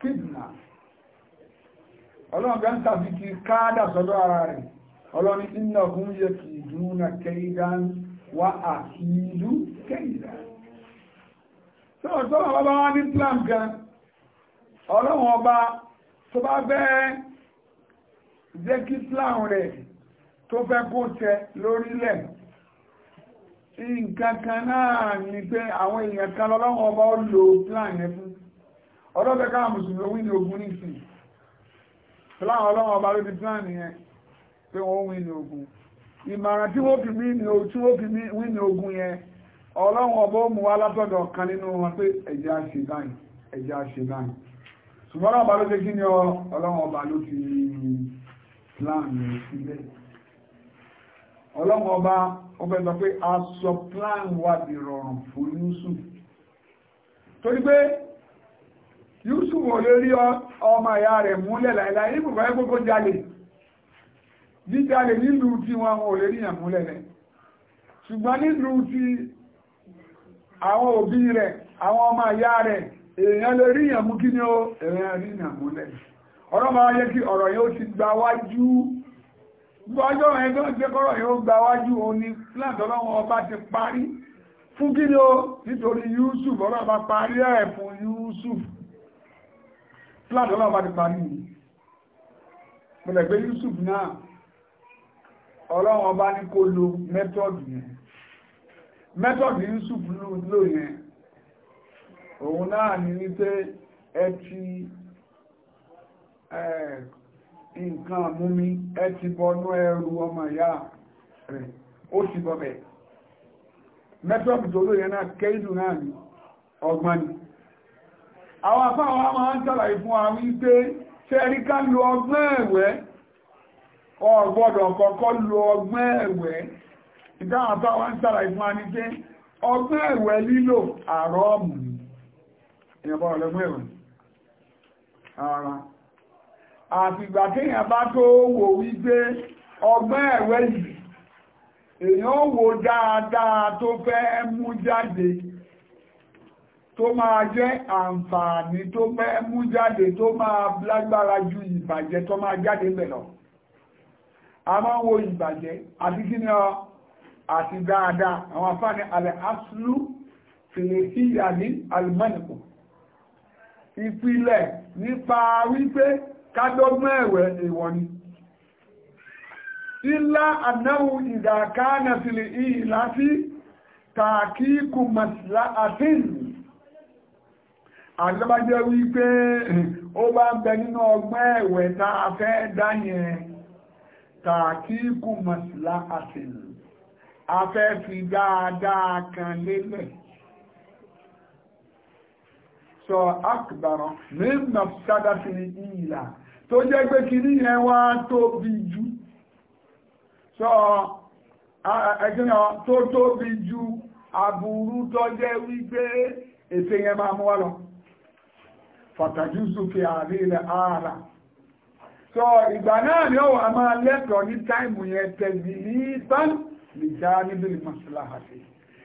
kìdìnà ọlọ́run bẹ́ ń tàbí kí káàdà sọ́dọ̀ ara rẹ̀ ọlọ́run iná ọkùn yẹ kì í dùn na kẹ́ìdá wá àkìlú kẹ́ìdá tó ọ̀tọ́rọ̀ wá ní plan gan ọlọ́run ọba tó bá bẹ́ẹ̀ plan rẹ̀ tó fẹ́ kó tẹ lórílẹ̀ nǹkan kan náà ni pé àwọn èèyàn kan lọ́lọ́run ọba ó lo plan yẹn fún ọlọ́bẹ̀ká ní láwọn ọlọ́wọ́ ọba ló ti plan nìyẹn pé wọ́n wí ní ogun ìmọ̀ràn tí wọ́n fi wí ní ogun yẹn ọlọ́run ọba ó mú wá látọ̀dọ̀ kan nínú wọn pé ẹ̀jẹ̀ àṣẹ báyìí ẹ̀jẹ̀ àṣẹ báyìí ṣùgbọ́n ọba ló ṣe kí ni ọlọ́run ọba ló ti plan rẹ̀ sílẹ̀ ọlọ́run ọba ó fẹ́ sọ pé a plan wa di rọrùn fún Yusuf torí pé Yusuf ò lè rí ọmọ ìyá rẹ̀ múlẹ̀ láìláì ní bùbá gbogbo jalè jíjalè nílùú tí wọn ò lè ríyàn múlẹ̀ lẹ̀ ṣùgbọ́n nílùú tí àwọn òbí rẹ̀ àwọn ọmọ ìyá rẹ̀ èèyàn lè ríyàn mú kí ní ó èèyàn ríyàn múlẹ̀ ọ̀rọ̀ máa yẹ kí ọ̀rọ̀ yóò ti gba wájú gbọ́jọ́ ẹgbẹ́ jẹ́ kọ́rọ̀ yóò gba wájú òní fún kí ní ó nítorí Yusuf ọlọ́ba parí ẹ̀ fún Yusuf plan ọlọ́run bá ti parí ni pẹ̀lẹ̀ pé Yusuf náà ọlọ́run ọba ní kó lo method yẹn method Yusuf lò yẹn òun náà ní wípé ẹ ti nǹkan múmi ẹ bọnú ẹrù ọmọ ìyá rẹ̀ ó ti bọ̀ bẹ̀ method tó lò yẹn náà kéèdù náà ni ọgbọ́n ni àwọn afáwọn máa ń ṣàlàyé fún wa wípé ṣẹ́rí ká lo ọgbọ́n ẹ̀wẹ́ ọ̀gbọ́dọ̀ kọ́kọ́ lo ọgbọ́n ẹ̀wẹ́ ìdáhùn afáwọn ń ṣàlàyé fún wa ní pé ọgbọ́n ẹ̀wẹ́ lílò àrọ́ọ̀mù ni ìyẹ̀bọ̀ ọ̀lọ́gbọ́n ẹ̀wẹ́ ara àfìgbà kéèyàn bá tó wò wípé ọgbọ́n ẹ̀wẹ́ yìí èèyàn wo dáadáa tó fẹ́ mú jáde tó máa jẹ́ àǹfààní tó fẹ́ mú jáde tó máa lágbára ju ìbàjẹ́ tó máa jáde ń bẹ̀ lọ a máa ń wo ìbàjẹ́ àti kí ni ọ àti dáadáa àwọn afáàní alẹ́ aslu fèlèsíyà ní alimọ́nìkù ìpìlẹ̀ nípa wípé kádọ́gbọ́n ẹ̀wẹ̀ èèwọ̀ ni ilá anáwò ìdàkánà fìlè ìlàfí tàkíkù màsílá àfíìlì àtọ́bájẹ́ wípé ó bá ń bẹ nínú ọgbọ́n ẹ̀wẹ̀ tá a fẹ́ dáyẹn tàkíkù mọ̀sílá àṣìlú a fẹ́ fi dáadáa kan lélẹ̀ sọ akùbàrán ní mọ̀sádásí ìlà tó jẹ́ pé kí ní yẹn wá tóbi jù sọ ẹgbẹ́nà tó tóbi jù àbúrú tó jẹ́ wípé ètè yẹn máa mú wá lọ fàtàjúzù fi ààrí ilẹ̀ ààrà so ìgbà náà ni ó wà máa lẹ́tọ̀ọ́ ní táìmù yẹn tẹ̀lé ní tán lè já níbi ìmọ̀síláhàṣe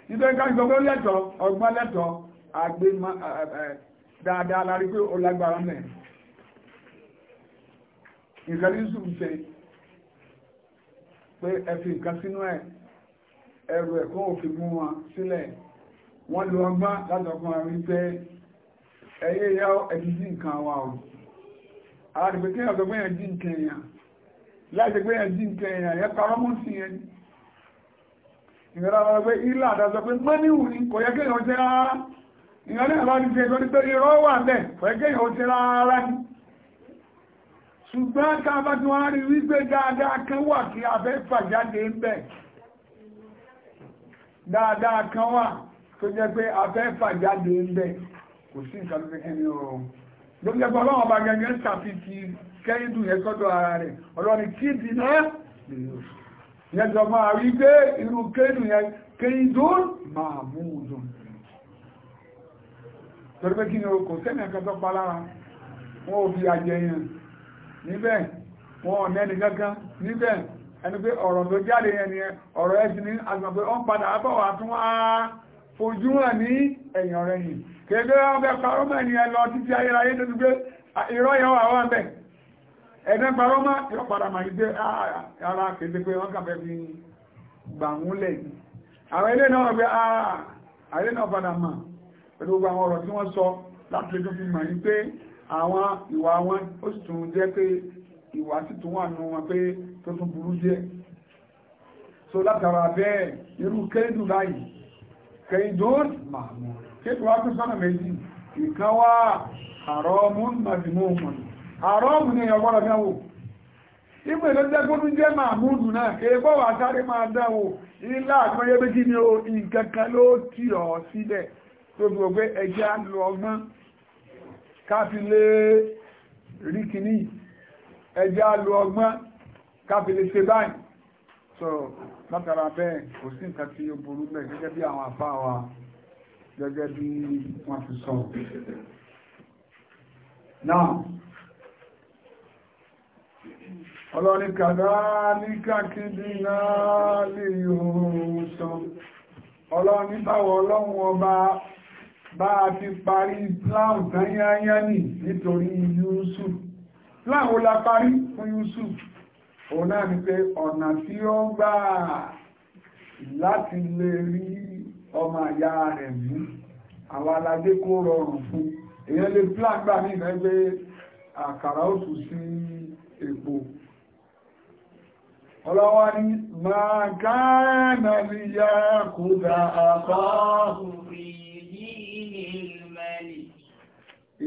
nítorí ká gbogbo lẹ́tọ̀ọ́ ọgbọ́n lẹ́tọ̀ọ́ àgbé dáadáa lárí pé ó lágbára mẹ́ nǹkan ní sùn ṣe pé ẹ fi nǹkan sínú ẹ ẹrù ẹ̀kọ́ òfin mú wọn sílẹ̀ wọ́n lo ọgbọ́n látọkùnrin wípé ẹ̀yẹ ya ẹ̀yìn nǹkan o àdìgbé kí ọ̀dọ̀ gbẹ́yàn jí nǹkan èèyàn láti gbẹ́yàn jí nǹkan èèyàn yẹ parọ́ mọ́ sí yẹn ìrọ̀lá pé ilé àdájọ́ pé ní kò yẹ kéèyàn jẹ́ rárá wà kò yẹ kéèyàn jẹ́ rárá ni ṣùgbọ́n ká bá tí wọ́n rí wípé dáadáa kan wà kí a fẹ́ fàjáde ń bẹ̀ dáadáa kan wà a fẹ́ kò sí nǹkan tó kékeré o lóbi ẹgbẹ́ ọlọ́run ọba gẹ́gẹ́ ń ṣàfihàn kẹ́yìndù yẹn sọ́dọ̀ ara rẹ̀ ọlọ́ni kí di náà yẹn jọ máa rí gbé irú kẹ́yìndù yẹn kẹ́yìndù máa mú un dùn torí pé kí ni o kò sẹ́ni ẹ̀kan tó pa lára wọn ò fi àjẹ yẹn níbẹ̀ wọn ò nẹ́ni gángan níbẹ̀ ẹni pé ọ̀rọ̀ tó jáde yẹn ni ọ̀rọ̀ ẹ̀ sì ní àgbà pé tún wá fojú hàn ní ẹ̀yìn ọ̀rẹ́yìn kèdè wọn bẹ parọ́mọ̀ ní ẹlọ títí ayérayé tó gbé irọ́ yẹn wà wọ́n bẹ̀ ẹ̀dẹ́ parọ́mọ̀ yóò padà máa gbé ara kèdè pé wọ́n kàfẹ́ fi gbàmúlẹ̀ àwọn ilé náà gbé ààrẹ náà padà mà pẹ̀lú gbogbo àwọn ọ̀rọ̀ tí wọ́n sọ láti lè tó fi mọ̀ ní pé àwọn ìwà wọn ó sì tún jẹ́ pé ìwà sì tún wà nù wọn so látara bẹ́ẹ̀ irú kẹ́ndù láyìí kẹ́ndùn kéèkù wá kú sọ́nà méjì ìkan wá àrọ́mù màdìmọ́mù àrọ́mù ni ọgbọ́rọ̀ mẹ́wò jẹ́ jẹ́ màmúdù náà wà sáré máa dáwò ilá méjì ni ó nǹkan ló tì ọ́ sílẹ̀ tó fi òpé ẹjẹ́ á ọgbọ́n káfi lé ẹjẹ́ lo ọgbọ́n káfi ṣe báyìí látara bẹ́ẹ̀ kò sí nǹkan tí ó burú bẹ́ẹ̀ gẹ́gẹ́ bí àwọn àfáà wa gẹ́gẹ́ bí wọ́n ti sọ. Náà, ọlọ́rin kàdá ní káàkiri náà lè yóò sọ. Ọlọ́rin báwọ̀ ọlọ́run ọba bá a ti parí Islam tányányá nì nítorí Yusuf. Láwo la parí fún Yusuf, òun náà ni pé ọ̀nà tí ó gbà láti lè rí ọmọ àyá rẹ̀ mú àwọn aládé kó rọrùn fún èyàn lè plan gbà ní ìrẹ́gbẹ́ àkàrà òtù sí èpo ọlọ́wọ́ ní máa gáànà ní yá kúdà àpá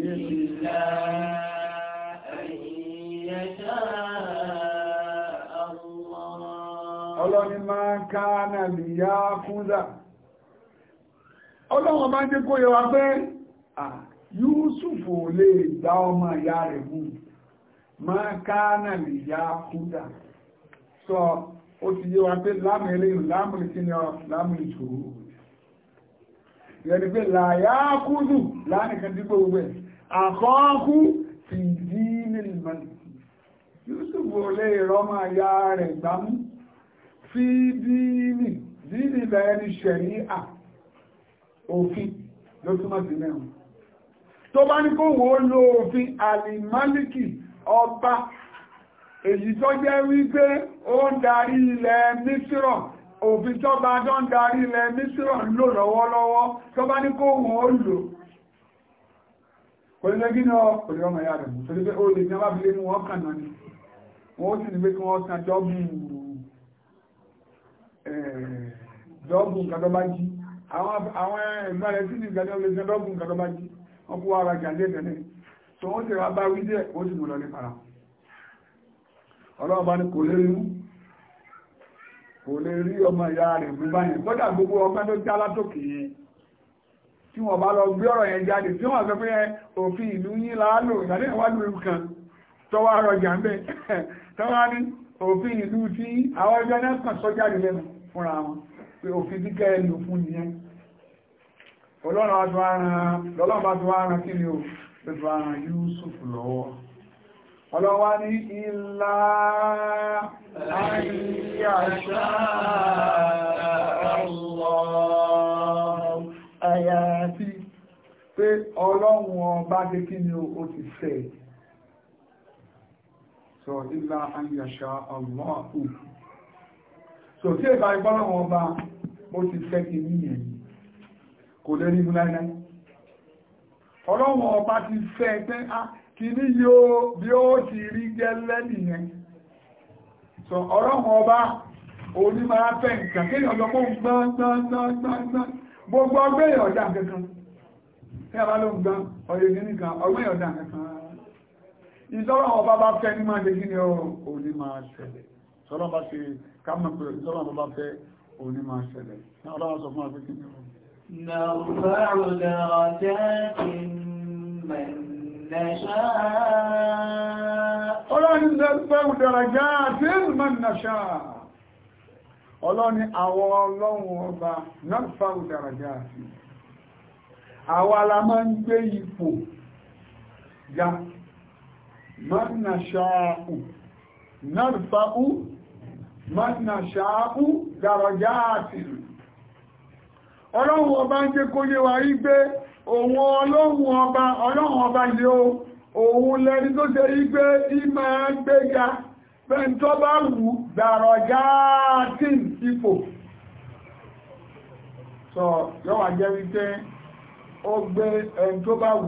Allah. Ọlọ́ni máa ń ká náà lè yá kúndà ọlọ́wọ́n bá ń jẹ́ kó yẹ wa pé Yusuf ò lè dá ọmọ ìyá rẹ̀ mú máa káánà lè yá kúdà sọ ó ti yé wa pé láàmù eléyìn láàmù ìkíni ọ láàmù ìṣòro yẹni pé làyá kúdù láàrín dípò gbogbo ẹ̀ àkọ́kú ti dí nínú mọ́lì Yusuf lè rọ́mọ ìyá rẹ̀ gbámú fi dí nì dí nì ṣẹ̀rí àkọ́ òfin ló túmọ̀ sí mẹ́rin tó bá ní kó wò ó lo òfin alimaliki ọba èyí tó jẹ́ wípé ó ń darí ilẹ̀ mísírọ̀ òfin tó bá tó ń darí ilẹ̀ mísírọ̀ ń lò lọ́wọ́lọ́wọ́ tó bá ní kó wò ó lò kò lè gínà kò lè ọmọ ìyá rẹ̀ torí pé ó lè ní abábílé ní kàn náà ni wọ́n sì ní pé kí wọ́n san dọ́bù dọ́bù nǹkan àwọn ẹ̀gbọ́n rẹ̀ sí ní ìgbàjọ́ lè jẹ́ lọ́gùn kan lọ́bá jí wọ́n kó ara jàndé tẹ̀lé tó wọ́n ti rà bá wí jẹ́ ó sì mú ní fara ọlọ́ọ̀bá ni kò lè rí kò lè rí ọmọ ìyá rẹ̀ mú báyìí kódà gbogbo ọmọ tó já látòkè yẹn tí wọ́n bá lọ gbé ọ̀rọ̀ yẹn jáde tí wọ́n sọ pé òfin ìlú yín pé òfin díkẹ́ ẹlò fún nìyẹn ọlọ́run bá tó wá ran kí ni ó pé tó ran Yusuf lọ́wọ́ ọlọ́wà ní ilá àyàtí pé ọlọ́run ọba dé kí ni ó ti fẹ́ sọ ilá àyíyàṣá ọlọ́run so tí èbá ìgbọ́nà wọn bá ó ti fẹ́ kí ní yẹn kò lè rí mú láíláí ọlọ́wọ́n ọba ti fẹ́ pé á ah, kí ní yóò bí ó ti rí gẹ́lẹ́ nìyẹn so ọlọ́wọ́n ọba òní máa fẹ́ nǹkan kí èèyàn lọ́pọ̀ gbọ́ngbọ́ngbọ́ngbọ́n gbogbo ọgbẹ́ èèyàn dà kankan tí a bá ló ń gbọ́n ọyẹ gíní kan ọgbẹ́ èèyàn dà kankan ìtọ́lọ́wọ́n ọba bá fẹ́ ní máa ṣe kí ni ó òní máa ṣẹlẹ̀ sọlọ́ bá ṣe ká mọ̀ pé ìjọba bàbá fẹ́ òní máa ṣẹlẹ̀ náà ọlọ́wọ́ sọ fún àgbékí ní ọ̀rọ̀ درجات من نشاء ọlọ́ni نرفع درجات من نشاء ọlọ́ni àwọn ọlọ́run ọba نرفع درجات àwọn alamọ́ ń gbé ipò ya من نشاء نرفع درجات mọ́nà ṣáàkú dàrọ̀já àtìrì ọlọ́run ọba ń jẹ́ kó yé wa rí pé ọlọ́run ọba ọlọ́run ọba o lẹ́ni tó ṣe rí ìmọ̀ gbéga bá wù dàrọ̀já ipò sọ yọ́wà jẹ́ wípé ó gbé wù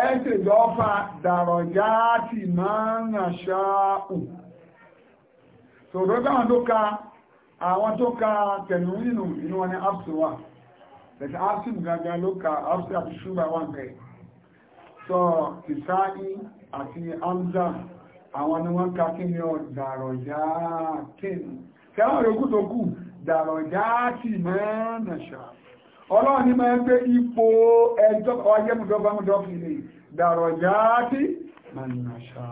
ẹ́sẹ̀dọ́fà dàrọ̀jáàtì máa ń àṣáàkù sọ̀rọ̀ báwọn tó ka àwọn tó ka tẹ̀lú nínú inú wọn ni apsu wà bẹ̀tẹ̀ apsu gangan ló ka apsu àti ṣúgbà wà nǹkan sọ ìsáì àti amza àwọn ni wọ́n ka kí ni ọ dàrọ̀jáàtì kẹ́lá rẹ̀ kú tó kù dàrọ̀jáàtì máa ń àṣáàkù ọlọ́run ní máa ń pé ipò ẹjọ́ ọyẹ́ mùdọ́gbàmùdọ́gbì ni dàrọ̀jáàtì mànàṣà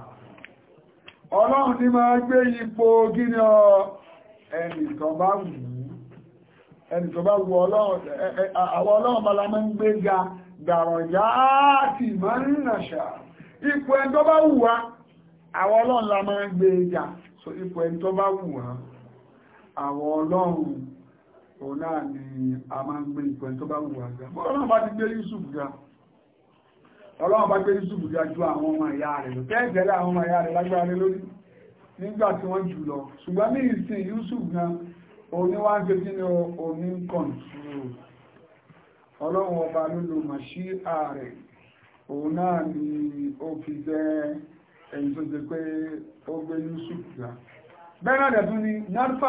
ọlọ́run ní máa gbé ipò gíní ọ ẹni tó bá wù ẹni tó bá wù àwọn ọlọ́run bá la máa ń gbé ga dàrọ̀jáàtì mànàṣà ipò ẹni bá wù wá àwọn ọlọ́run la máa ń gbé ga so ipò ẹni tó bá wù wá àwọn ọlọ́run òun náà ni a máa ń gbé ipò tó bá wù Yusuf ga ọlọ́run bá gbé Yusuf ga ju àwọn ọmọ ìyá rẹ̀ lọ tẹ́ẹ̀gẹ́lẹ́ àwọn ọmọ ìyá rẹ̀ lágbára lórí lọ ṣùgbọ́n ní Yusuf gan òní wá ń gbé ní omi ń ọba ló lo màṣí ààrẹ òun náà ni ó fi jẹ́ tó Yusuf ga bẹ́ẹ̀ náà dẹ̀ tún ni narfa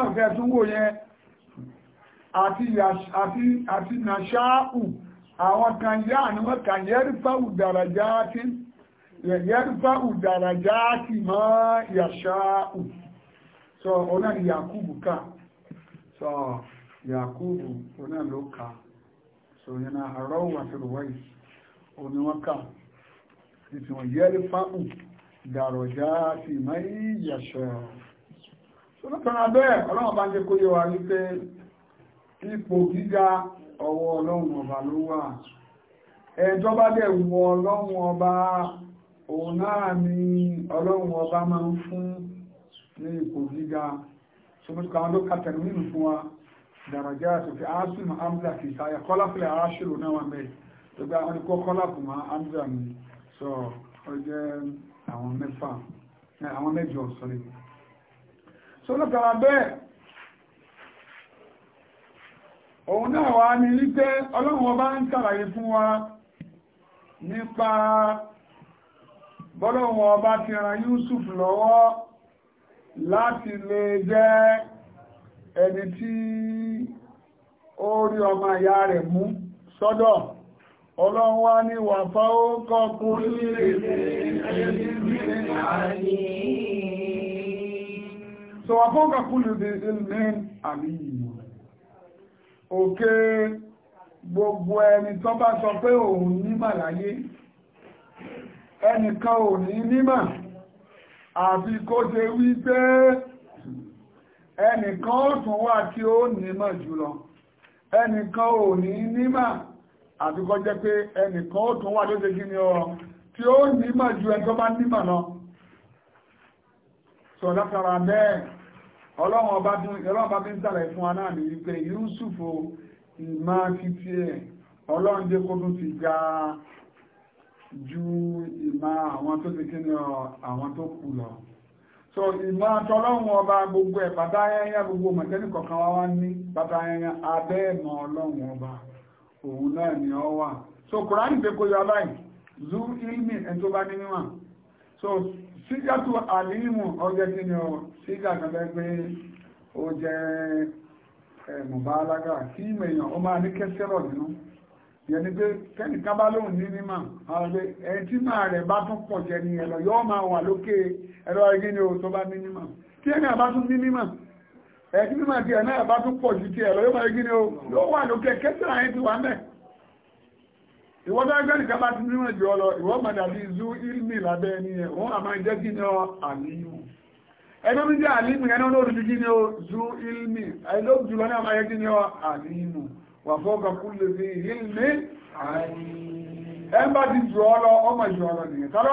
àti nàṣáàù àwọn kan yá ni wọ́n kà yẹ́rìfà ìdàràjá ti mọ́ yàṣáàù so ọ̀nà ni Yakubu ká so Yakubu ọ̀nà ló ká so yana àrọ́wù àti rọ̀wáì òní wọ́n ká ìtì wọ́n yẹ́rìfà ìdàràjá ti mọ́ yàṣáàù so lọ́tọ̀nà bẹ́ẹ̀ ọlọ́wọ́ bá ń ipò gíga ọwọ́ ọlọ́run ọba ló wà ẹjọ́ bá dẹ̀ wù ọlọ́run ọba òun náà ni ọlọ́run ọba máa ń fún ní ipò gíga sọmọtò àwọn lókà tẹnu nínú fún wa dàrájá àtòkè aásùn amúlà kì í sáyà kọ́lá fúlẹ̀ aráṣẹ́rò náà wà mẹ́rin tó gbá wọn ni kọ́ kọ́lá kù mọ́ amúlà mi sọ ọ jẹ́ àwọn mẹ́fà àwọn mẹ́jọ sọ́lẹ̀ sọlọ́kàrà bẹ́ẹ̀ òun náà wá ní wípé ọlọ́run ọba ń ṣàlàyé fún wa nípa bọ́lọ́run ọba ti ran Yusuf lọ́wọ́ láti lè jẹ́ ẹni tí ó rí ọmọ ìyá rẹ̀ mú sọ́dọ̀ ọlọ́run wá ní wà fáwọ́ kọkùnrin lè So, I think I could do the ill man, I mean òkè gbogbo ẹni tó bá sọ pé òun nímà láyé ẹnìkan ò ní nímà àfi kó ṣe wí pé ẹnìkan ọ̀tún wà tí ó nímà jùlọ ẹnìkan ò ní nímà àfi kó jẹ́ pé ẹnìkan ọ̀tún wà tó ṣe kí ni ọ tí ó nímà ju ẹni tó bá nímà lọ sọ̀dọ́kara bẹ́ẹ̀ ọlọ́run ọba bí ń sàlẹ̀ fún wa náà ní wípé Yusuf ìmá títí ẹ̀ ọlọ́run jẹ́ kó tún ti ga ju ìmá àwọn tó ti kíni àwọn tó kù lọ so ìmọ̀ àtọ́lọ́run ọba gbogbo ẹ̀ pátá ayẹyẹ gbogbo mọ̀tẹ́nì kọ̀ọ̀kan wá wá ní pátá ayẹyẹ abẹ́ ẹ̀mọ̀ ọlọ́run ọba òun náà ni ọ wà so kùránì pé kó yọ abáyìí zu ilmi ẹ̀ tó bá ní mímọ̀ so sígàtù àlímù ọjọ́ ni ọ sígà kan bẹ́ pé ó jẹ́ mùbálágà kí ìmẹ̀yàn ó máa ní kẹsẹ́rọ̀ nínú yẹni pé kẹ́nìkan bá lóhùn ní mímọ̀ àwọ̀gbé ẹni tí máa rẹ̀ bá tún pọ̀ jẹ́ ni ẹ̀rọ yóò máa wà lókè ẹ̀rọ ẹgbẹ́ ni ó tó bá ní tí ẹni àbá tún ní tí ẹ̀ náà bá tún pọ̀ ti ẹ̀rọ yóò máa ni ó wà lókè ìwọ́n bá gbẹ́ nìkan bá ti ní ìrìn ọlọ ìwọ́n padà bí zú ilmi lábẹ́ ẹni ẹ̀ wọ́n àmà jẹ́ kí ní àlímù ẹgbẹ́ mi jẹ́ àlímù ẹni olóòrùn ti kí ní zú ilmi ẹló jùlọ ní àmà jẹ́ kí ní àlímù wà fọ́gà kúlè sí ilmi ẹgbà ti jù ọlọ ọmọ jù ọlọ nìyẹn tọ́lọ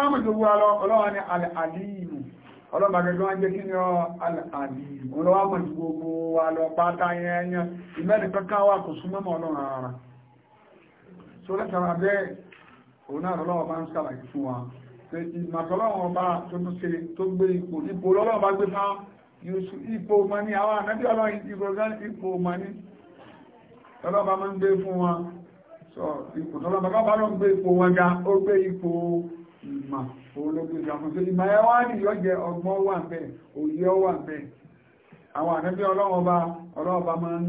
ọmọ jù tó lẹ́tara bẹ́ẹ̀ òun náà lọ́wọ́ bá ń sàlàyé fún wa pé ìmọ̀tọ́lọ́wọ́ bá tó tó ṣe tó gbé ipò ipò lọ́wọ́ bá gbé fáwọn ipò mani àwọn ànábí ọlọ́rin ìgbògán ipò mani tọ́lọ́bà máa ń gbé fún wọn sọ ipò tọ́lọ́bà bá lọ ń gbé ipò wọn ga ó gbé ipò ìmà ológun ìjàmùn sí ìmà ẹwà ní yọ́jẹ ọgbọ́n wà bẹ́ẹ̀ òye máa ń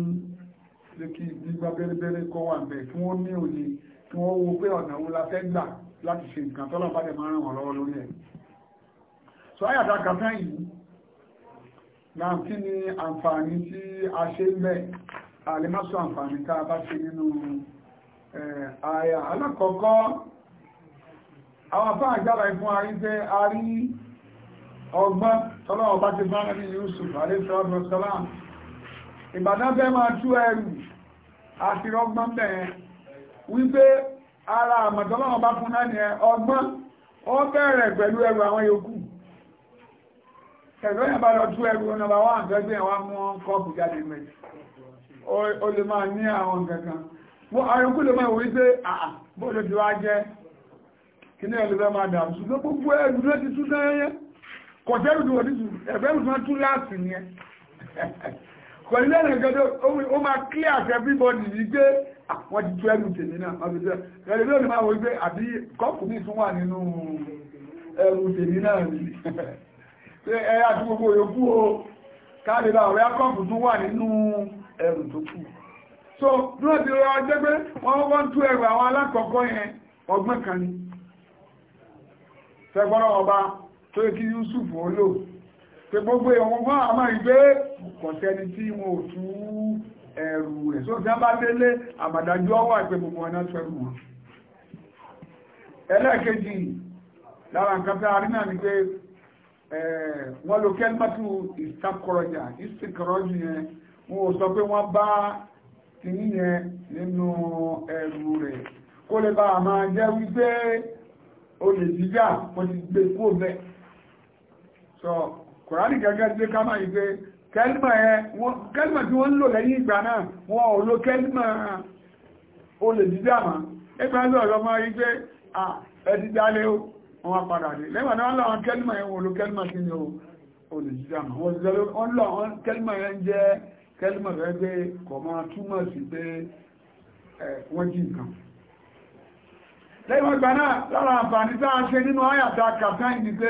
lé kí gbígbà bẹ́rẹ́bẹ́rẹ́ kọ́ wà bẹ́ẹ̀ fún ó ní òye kí wọ́n wo pé ọ̀nà wo la fẹ́ gbà láti ṣe nǹkan tọ́lọ̀ bá dẹ̀ máa ràn wọ́n lọ́wọ́ lórí ẹ̀ so ayàtà kàtà yìí náà kí ni àǹfààní tí a ṣe ń bẹ̀ àlemásọ àǹfààní tá a bá ṣe nínú àyà alákọ̀ọ́kọ́ àwọn afá àgbàrá ìfún arí pé a rí ọgbọ́n tọ́lọ̀ ọba ti bá rẹ̀ ní Yusuf alẹ́sọ́lá ìbàdàn fẹ́ máa tú ẹrù àti rọgbọ́n bẹ̀rẹ̀ wípé ara àmọ̀tọ́lọ́wọ́n bá fún náà ni ọgbọ́n ó bẹ̀rẹ̀ pẹ̀lú ẹrù àwọn yòókù ẹ̀rọ yẹn bá lọ tú ẹrù nọ́mbà wá àgbẹ́gbẹ́ ẹ̀wà mú kọ́ọ̀pù jáde mẹ́ o lè máa ní àwọn kankan wọ́n arúgbó lè máa wípé àbóòdó ti wá jẹ́ kí ní ẹlùfẹ́ máa dàmú ṣùgbọ́n gbogbo ẹrù ló ti tú náà pẹ̀lú ẹ̀rẹ̀ gẹ́gẹ́ ó máa clear àti everybody ní pé ah, wọ́n ti tú ẹrù tèmi náà wọ́n ti tẹ́ ẹ̀rẹ̀ lónìí máa wọ́n pé àbí kọ́ọ̀pù mi tún wà nínú ẹrù tèmi náà ni ẹ̀rẹ̀ àti gbogbo yòókù o káàdì bá ọ̀rẹ́ kọ́ọ̀pù tún wà nínú ẹrù tó kù so bí wọ́n ti rọra jẹ́ pé wọ́n wọ́n tú ẹrù àwọn alákọ̀ọ́kọ́ yẹn ọgbọ́n kan ni fẹ́gbọ́n ọba tó yẹ kí Yusuf ó lò pé gbogbo ìwọ̀n fún àmà ìgbé kọ̀tẹ́ni tí wọn ò tú ẹ̀rù rẹ̀ só tí a bá délé àbàdájú ọwọ́ àìpé gbogbo ọ̀nà tẹ́rù wọn ẹlẹ́ẹ̀kejì lára nǹkan tí a rí náà ni pé wọ́n lo kẹ́lmọ́tù ìsàkọrọjà ìsìnkọrọjù yẹn wọn ò sọ pé wọ́n bá ti níyẹn nínú ẹ̀rù rẹ̀ kó lè bá àmà jẹ́ wípé olè jíjà wọ́n ti gbé kúrò bẹ́ẹ̀ kòránì gẹ́gẹ́ sí ká máa ìgbé kẹ́lìmà tí wọ́n ń lò lẹ́yìn ìgbà náà wọ́n ò ló kẹ́lìmà olè dídá mà ẹgbẹ́ ẹgbẹ́ ọ̀rọ̀ máa rí pé ẹdídálé wọn padà dé lẹ́wọ̀n náà láwọn kẹ́lìmà yẹn wọ́n ló kẹ́lìmà sí ni olè dídá mà wọ́n lọ kẹ́lìmà yẹn jẹ́ kẹ́lìmà rẹ̀ pé kọ̀ máa túmọ̀ sí pé wọ́n jí nǹkan lẹ́wọ̀n ìgbà náà lára àǹfààní tá a ṣe nínú àyàtà kàtá ìdí pé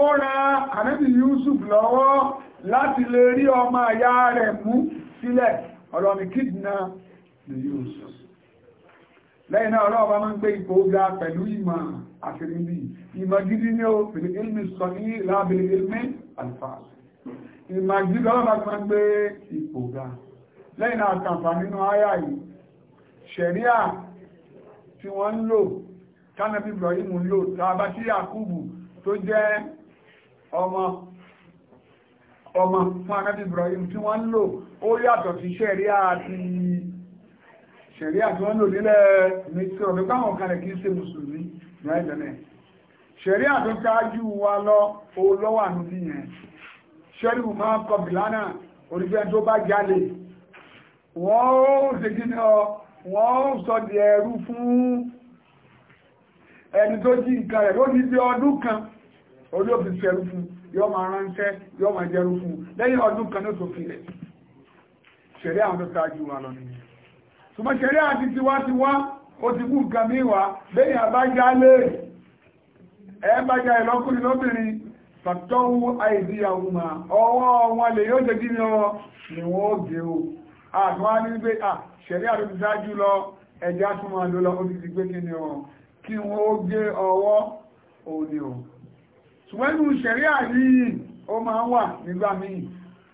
ó ran ànábì Yusuf lọ́wọ́ láti lè rí ọmọ àyá rẹ̀ mú sílẹ̀ ọlọ́ni kìdìnà ní Yusuf lẹ́yìn náà ọlọ́ọ̀bá máa ń gbé ipò ga pẹ̀lú ìmọ̀ àfìrìnlì ìmọ̀ gidi ní o pìlìkìlì sọ ní lábìlì ilmi alfààsì ìmọ̀ gidi ọlọ́ọ̀bá máa ń gbé ipò ga lẹ́yìn tí wọ́n ń lò kánàbí Ibrahim ń lò tàbátí Yakubu tó jẹ́ ọmọ ọmọ fún akẹ́bí Ibrahim tí wọ́n ń lò ó yàtọ̀ sí ṣẹ̀ríà àti ṣẹ̀ríà tí wọ́n lò nílẹ̀ mẹ́sìkò ọ̀dọ́ káwọn kan rẹ̀ kìí ṣe mùsùlùmí ìyá ìdẹ̀lẹ̀ ṣẹ̀ríà tó ṣáájú wa lọ olówà nù nìyẹn ṣẹ́rí máa kọ bìlánà orífẹ́ tó bá jalè wọ́n ó ṣe kí ni ọ wọ́n ó sọ di ẹrú fún ẹni tó jí nǹkan rẹ̀ ó ní bí ọdún kan olóòfin fi ẹrú fún yọ máa ránṣẹ́ yọ máa jẹrú fún lẹ́yìn ọdún kan náà tó fi rẹ̀ ṣẹ̀rẹ́ àwọn tó ṣáájú wa lọ nìyẹn ṣùgbọ́n ṣẹ̀rẹ́ àti tiwa ti wá ó ti kú nǹkan mí wá lẹ́yìn àbájá lé ẹ̀ ń bájá ìlọ́kùnrin lóbìnrin fàtọ́wù àìdí àwùmá ọwọ́ wọn lè yóò jẹ́ gíní ọ ni wọ́n ó gé o àtúwá ní pé à ṣẹ̀rẹ́ àti ti ṣáájú lọ ẹ̀já túnmọ̀ ló lọ ó ti ti gbé kíní ọ kí wọ́n ó gé ọwọ́ òní o ṣùgbọ́n inú ṣẹ̀ríà yìí ó máa ń wà nígbà míì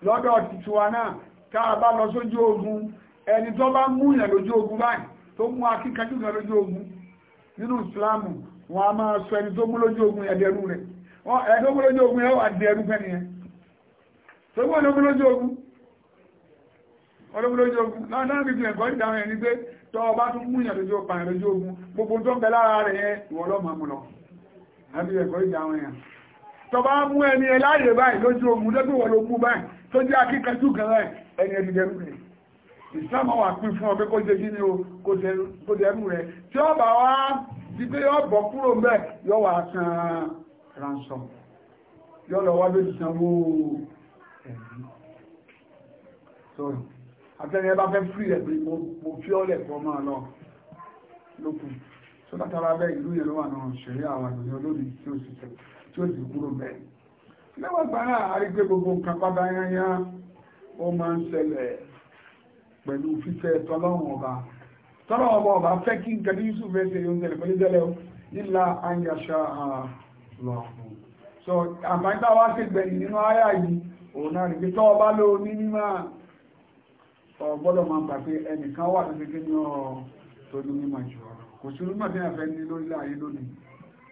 lọ́dọ̀ titiwa náà tá a bá lọ sójú ogun ẹni tó bá mú yàn lójú ogun báyìí tó mú akíkanjú yàn lójú ogun nínú ìsìláàmù wọn a máa sọ ẹni tó mú lójú ogun yẹn dẹrú rẹ̀ ẹni tó mú lójú ogun yẹn wà dẹrú fẹ́ nìyẹn tó mú ọdún mú lójú ogun ọdún lójú ogun náà náà bí kìlẹ̀ kọ́ ìdáhùn ẹni pé tó ọba tún mú yàn lójú ọpàyàn lójú ogun gbogbo tó ń bẹ lára rẹ̀ yẹn ìwọ lọ́mọ mú lọ àbí ẹ̀kọ́ ìdáhùn ẹ̀yàn tọba mú ẹni ẹláyè báyìí lójú ogun lẹ́gbẹ̀ wọ́n ló mú báyìí tó jẹ́ akíkanjú gẹ̀rẹ́ ẹni ẹni dẹrù rẹ̀ ìsìlámù wà pín fún ọgbẹ́ kó jẹ́ kí ni o kó dẹrù rẹ̀ tí ó bá wá ti pé yọ bọ̀ kúrò mbẹ́ yọ wà san ransom yọ lọ wá lójú sanwó ẹ̀mí sọ̀rọ̀ àtẹ́yẹ bá fẹ́ fírí ẹ̀gbẹ́ mo fi ọ́lẹ̀ fọ́ máa lọ lókun tó látara bẹ́ ìlú yẹn ló wà náà ṣẹ̀rí àwọn ìròyìn olóòdì tí ó sì tẹ̀lé tí ó sì kúrò bẹ́ẹ̀. lẹ́wọ̀n gbára àrígbé gbogbo nǹkan pábá yányá ó máa ń ṣẹlẹ̀ pẹ̀lú fífẹ́ tọ́lọ́wọ̀n ọba tọ́lọ́wọ̀n ọba fẹ́ kí nǹkan tí Yusuf fẹ́ ṣe oúnjẹ pẹ̀lú jẹ́lẹ̀ ìlà àyàṣà lọ́ọ̀fún so àbájá wá sí gbẹ̀yìn nínú ayá yìí òun náà nìgbé tọ́ ọba ló ní mímá ọgbọ́dọ̀ máa gbà pé ẹnìkan wà ní kékeré ní ọ̀rọ̀ tó ní mímá jù ọ̀rọ̀ kò sí onímọ̀ tí wọ́n fẹ́ ní lórílẹ̀ ayé lónìí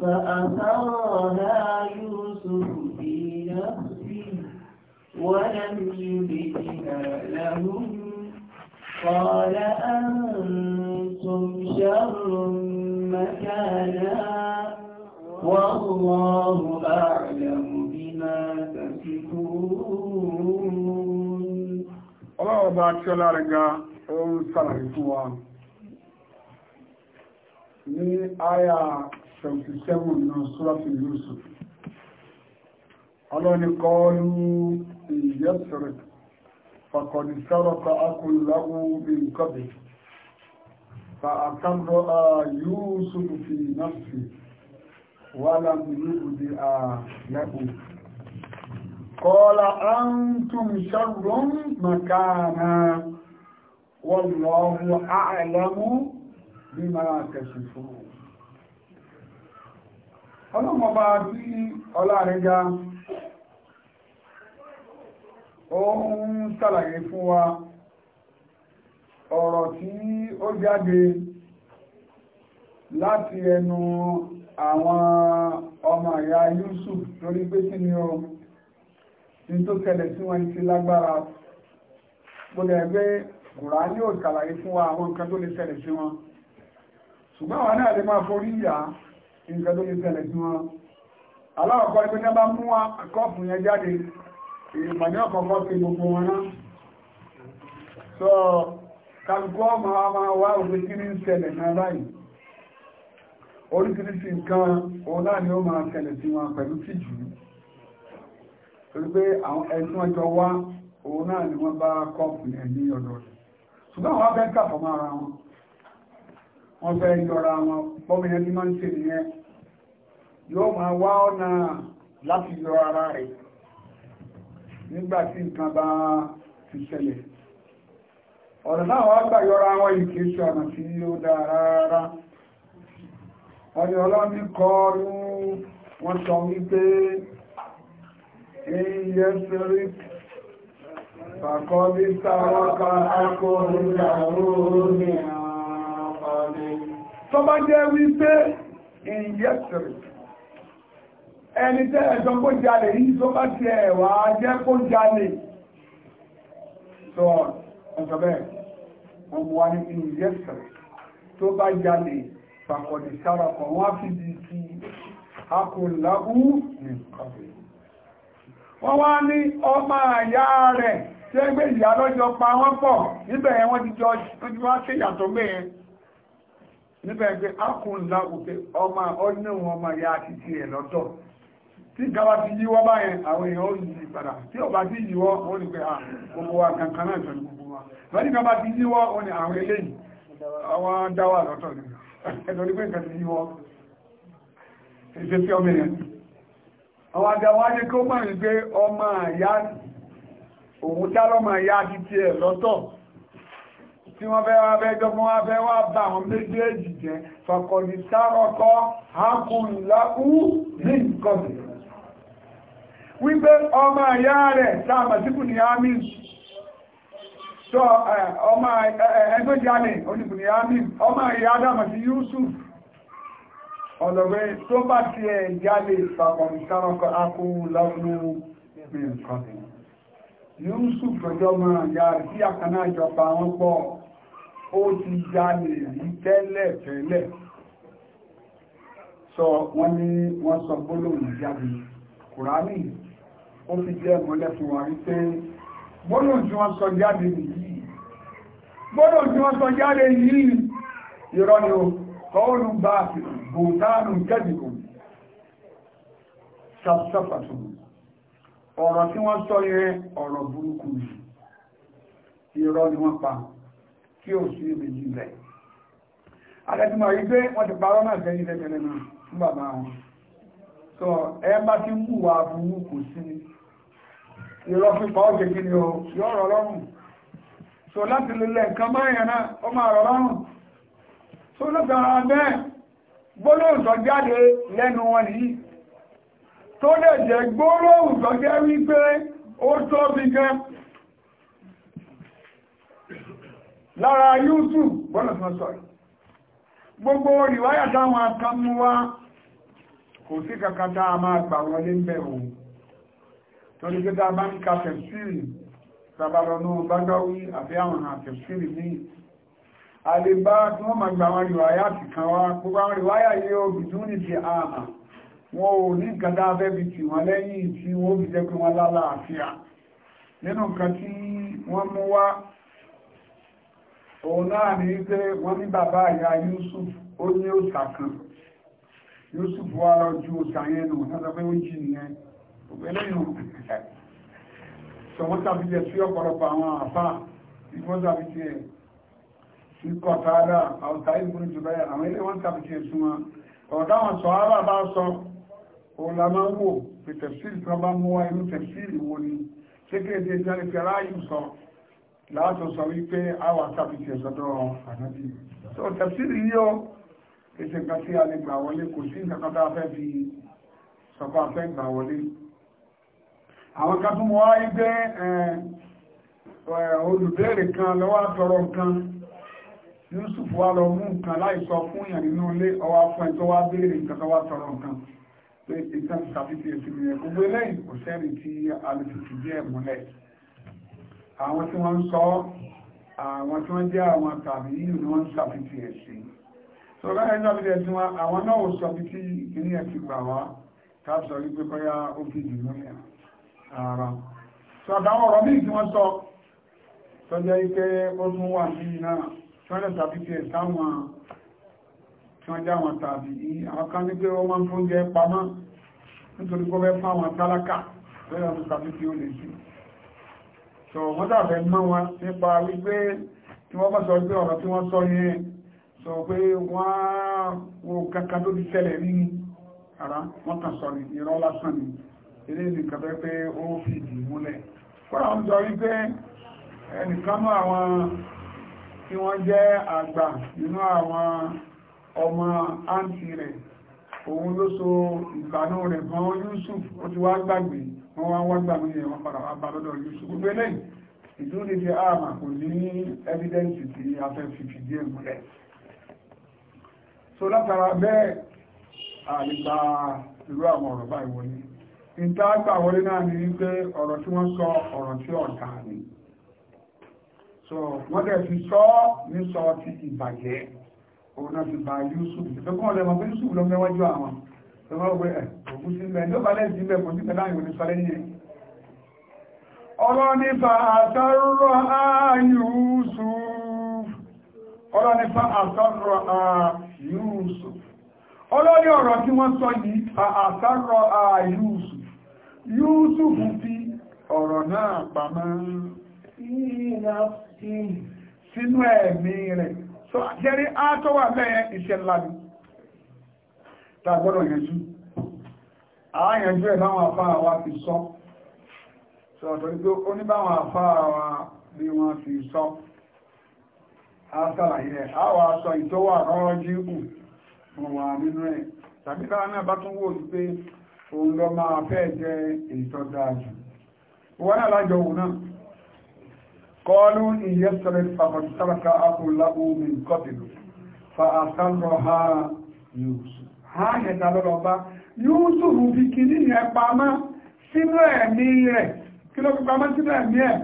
فأثرها يوسف في نفسه ولم يبدها لهم قال أنتم شر مكانا والله أعلم بما تسكون الله أبعد شلال أول صلاة ní àyà twenty seven náà sọ́láfì Yusuf ọlọ́ni kọ́ọ́lù ìyẹ́sẹ̀rẹ̀ fàkọ̀dì sárọ̀kọ̀ akùnláwò bí nkọ́bì fàákàmrọ̀ a Yusuf fi náfì wà láàmìlú òdì a lẹ́kùn kọ́ọ́lá antum sharrun makana wallahu a'lamu bima tasifun ọlọ́mọba tí ọlá rẹ̀ ga ó ń ṣàlàyé fún wa ọ̀rọ̀ tí ó jáde láti ẹnu àwọn ọmọ ìyá Yusuf lórí pé kí ni ó ti tó tẹ̀lẹ̀ sí wọn ti lágbára gbọ́dọ̀ ẹgbẹ́ kùrá ní ò ṣàlàyé fún wa àwọn nǹkan tó lè tẹ̀lẹ̀ sí wọn ṣùgbọ́n àwọn náà lè máa forí yàá nǹkan tó lè ṣẹlẹ̀ sí wọn aláwọ̀kọ́ ẹgbẹ́ náà bá mú akọ́ọ̀fù yẹn jáde ìmọ̀ní ọ̀kọ̀ọ̀kọ́ sí gbogbo wọn náà sọ kàgbọ́ máa máa wá òfin kí ní ṣẹlẹ̀ náà báyìí oríṣiríṣi nǹkan òun náà ni ó máa ṣẹlẹ̀ sí wọn pẹ̀lú tìjú torí pé àwọn ẹ̀sùn ọjọ́ wá òun náà ni wọ́n bá kọ́ọ̀pù yẹn ní ọ̀dọ̀ rẹ̀ ṣùgbọ́n àwọn abẹ́ kàfọ́ máa ra wọn wọ́n fẹ́ yọra wọn bọ́mọ yẹn máa ń ṣe nìyẹn yóò máa wá ọ̀nà láti yọ ara rẹ̀ nígbàtí nǹkan bá ti ṣẹlẹ̀ ọ̀rọ̀ náà wá gbà yọra wọn ìké ṣe ọ̀nà tí ó dáa rárá ọ̀rẹ́ ọlọ́ni kọlu wọ́n sọ wípé iye sírí fàkọ́bí sáwọ́ká akọ́rù ìyàwó ní àwọn ọ̀rẹ́ tó wípé iye sírí ẹni tẹ́ ẹ̀sọ́ kó jalè yìí tó bá ti ẹ̀wà jẹ́ kó jalè sọ ọ̀sọ̀ bẹ́ẹ̀ wọ́n mú wa ní inú yẹ́sẹ̀ tó bá jalè pàkọ̀dé sára kan wọ́n á fi di ti akọ̀láhù nìkan wọ́n wá ní ọmọ àyá rẹ̀ tí ó gbé ìyá lọ́jọ́ pa wọ́n pọ̀ níbẹ̀ yẹn wọ́n ti jọ ojú wá sí ìyàtọ̀ mẹ́rin níbẹ̀ pé akọ̀láhù pé ọmọ ọdún ọmọ àyá ti ti ẹ̀ lọ́tọ̀ tí gaba ti yíwọ́ báyẹn àwọn èèyàn ó yí padà tí ó bá ti yíwọ́ ó ní pé ah, gbogbo wa kankan náà jọ ní gbogbo wa lọ́ní gaba ti yíwọ́ ó ní àwọn eléyìí àwọn dáwà lọ́tọ̀ ní ẹ̀dọ̀ ní pé nǹkan ti yíwọ́ èsè tí ọmọ èèyàn àwọn àgbàwọ̀ ayé kó mọ̀ ní pé ọmọ àyá òun dá lọ́mọ àyá ti tiẹ̀ lọ́tọ̀ tí wọ́n fẹ́ wá fẹ́ jọmọ́ wá fẹ́ wá bá àwọn méjèèjì jẹ́ fàkọ̀dì sárọ́kọ́ hákùn wípé ọmọ ìyá rẹ̀ sáàmà síkù ní àmì ọmọ ẹgbẹ́jáde oníkù ní àmì ọmọ dámà sí tó bá ti ẹ̀ jáde pàpọ̀n sárọ́kọ̀ akó lọ́nà ìrìnkọ́dẹ̀ yúúsù tọjọ́ mọ́ ìyá rẹ̀ sí àkànná ìjọba wọn pọ̀ ó ti jáde rí tẹ́lẹ̀ tẹ́lẹ̀ sọ wọ́n ní wọ́n sọ Kùránì ó fi jẹ́ mọ́lẹ̀ fún wa wípé gbọ́dọ̀ tí wọ́n sọ jáde yìí gbọ́dọ̀ tí wọ́n sọ jáde yìí irọ́ ni ó kọ́ọ̀lù bá bùtánù kẹ́dìkù sàfàtù ọ̀rọ̀ tí wọ́n sọ yẹn ọ̀rọ̀ burúkú irọ́ ni wọ́n pa kí ó sí méjì bẹ́ẹ̀ àdẹ́tìmọ̀ rí pé wọ́n ti parọ́ náà gẹ́yìn lẹ́gbẹ̀rẹ̀ náà fún bàbá wọn sọ ẹ bá ti ń wùwà burúkú sí ni irọ́ pípa ọ̀gẹ̀ kí ni o yóò lọ́rùn so láti lulẹ̀ nǹkan mẹ́rin náà ó máa rọ̀ lọ́rùn so ara bẹ́ẹ̀ jáde lẹ́nu wọn nìyí tó lè jẹ́ gbólóhùn jẹ́ wípé ó tóbi gan lára YouTube gbọ́nà tí wọ́n gbogbo rìwáyà táwọn akámúwá kò sí kankan tá a máa gbà wọlé ń torí pé tá a bá ń ka tẹ̀síìrì tàbàlọ́nù bágáwí àbí àwọn àtẹ̀síìrì ní àlebá tí wọ́n máa gba àwọn rìwáyà ti kan wá gbogbo àwọn rìwáyà yẹ obìtún ní ti àmà wọn ò ní nǹkan tá a fẹ́ fi tì wọ́n lẹ́yìn tí wọ́n fi jẹ́ pé wọ́n lálàáfíà nínú nǹkan tí wọ́n mú wá òun náà ní wípé wọ́n ní bàbá ìyá Yusuf ó ní òsà kan Yusuf wá lọ ju òsà yẹn nù lọ́sọ pé ó jì nìyẹn eléyìí sọ̀wọ́ tàbí jẹ́ sí ọ̀pọ̀lọpọ̀ àwọn àfá ìgbọ́n tàbí ti ẹ̀ sí kọ̀tàádà àwọ̀tà ìgbóni jùlọ àwọn ilé wọ́n tàbí ti ẹ̀sùn wọn ọ̀dáwọn sọ ara bá sọ òlàmọ́ wò pé tẹ̀fsìlì tó bá mú wá inú tẹ̀fsìlì wo ni sékèdè jáde fi aráyù sọ láàtọ̀ sọ wípé àwà tàbí ti ẹ̀sọ́dọ̀ ànábì so tẹ̀fsìlì yíò èsì nǹkan tí a lè gbà wọlé kò sí nǹkan kan tá a fẹ́ fi sọ pé a fẹ́ àwọn kan tún mọ́ wáyé jẹ́ olùbẹ̀rẹ̀ kan lọ́wọ́ àtọrọ nǹkan Yusuf wá lọ mú nǹkan láìsọ fún ìyàn nínú ilé ọwá fún ẹ̀ tó wá béèrè nǹkan tó wá tọrọ nǹkan pé ìtàn ìsàfihàn èsì rẹ̀ gbogbo eléyìí kò sẹ́ni tí a lè fi díẹ̀ múlẹ̀ àwọn tí wọ́n ń sọ àwọn tí wọ́n jẹ́ àwọn tàbí yìí ni wọ́n ń sàfihàn èsì sọ̀rọ̀ ẹ̀ sàfihàn èsì wọn àwọn náà ò sọ bí tí kìnìyàn ti gbà wá ká sọ wípé bóyá ó fi dì múlẹ̀ ara sọ̀dá ọ̀rọ̀ bí ìtí wọ́n sọ tọ́jẹ́ ike ó tún wà ní iná tọ́lẹ̀ tàbí ti ẹ̀sáwọn tí wọ́n já wọn tàbí àwọn kan ní pé wọ́n máa ń fún jẹ pamọ́ nítorí kó fẹ́ fáwọn tálákà lẹ́yìn ọdún tàbí tí ó lè sí sọ wọ́n dàbẹ̀ mọ́ wọn nípa wípé tí wọ́n bá sọ ara wọ́n kàn sọ ní irọ́ lásán ni ilé nìkan fẹ́ pé ó fìdí múlẹ̀ kọ́ra ń sọ wípé ẹnìkan mọ́ àwọn tí wọ́n jẹ́ àgbà nínú àwọn ọmọ àǹtí rẹ̀ òun ló so ìgbànú rẹ̀ fún Yusuf ó ti wá gbàgbé wọ́n wá wá gbàgbé yẹn padà wá bá Yusuf gbogbo evidence tí a fẹ́ fi so látara bẹ́ẹ̀ àlìgbà irú àwọn ọ̀rọ̀ báyìí wọlé ìtagbà wọlé náà ní pé ọ̀rọ̀ tí wọ́n sọ ọ̀rọ̀ tí ọ̀tá ni so wọ́n dẹ̀ fi sọ ní sọ ti ìbàjẹ́ òun ti bá Yusuf ìfẹ́ kọ́ Yusuf ló mẹ́wájú àwọn ìwọ́n wọ́n eh, wẹ́ ẹ̀ ògùn sí ilẹ̀ ìjọba lẹ́yìn sí ilẹ̀ kò ọlọ́ni Yusuf ọlọ́ni fa àtọ́rọ̀ Yusuf ọlọ́ni ọ̀rọ̀ tí wọ́n sọ yìí fa àtọ́rọ̀ Yusuf Yusuf fi ọ̀rọ̀ náà pamọ́ sínú ẹ̀mí rẹ̀ so jẹ́rí átọ́wà mẹ́ẹ̀ iṣẹ́ lábí tàgbọ́dọ̀ yẹnjú àáyànjú ẹ̀ láwọn àfáà wa fi sọ sọ̀tọ̀ ìgbó oníbáwọn àfáà wa bí wọ́n fi sọ àṣàlàyé ẹ̀ àwọn aṣọ ìtọ́wà rọ́ọ́jú kù mọ̀ wà nínú ẹ̀ tàbí káwọn náà bá tún wò sí pé òun lọ máa fẹ́ jẹ ètò dájú wọ́n náà lájọ òun náà kọlu ìyẹ́sọ̀rẹ̀ fàkọ̀tàkà akùnláwò min kọ́tìlù fa àsánrọ̀ ha yóòsù ha yẹ̀dà lọ́lọ́ bá yóòsù rúbi kì ní ẹ̀ pamá sínú ẹ̀mí rẹ̀ kí ló sínú ẹ̀mí ẹ̀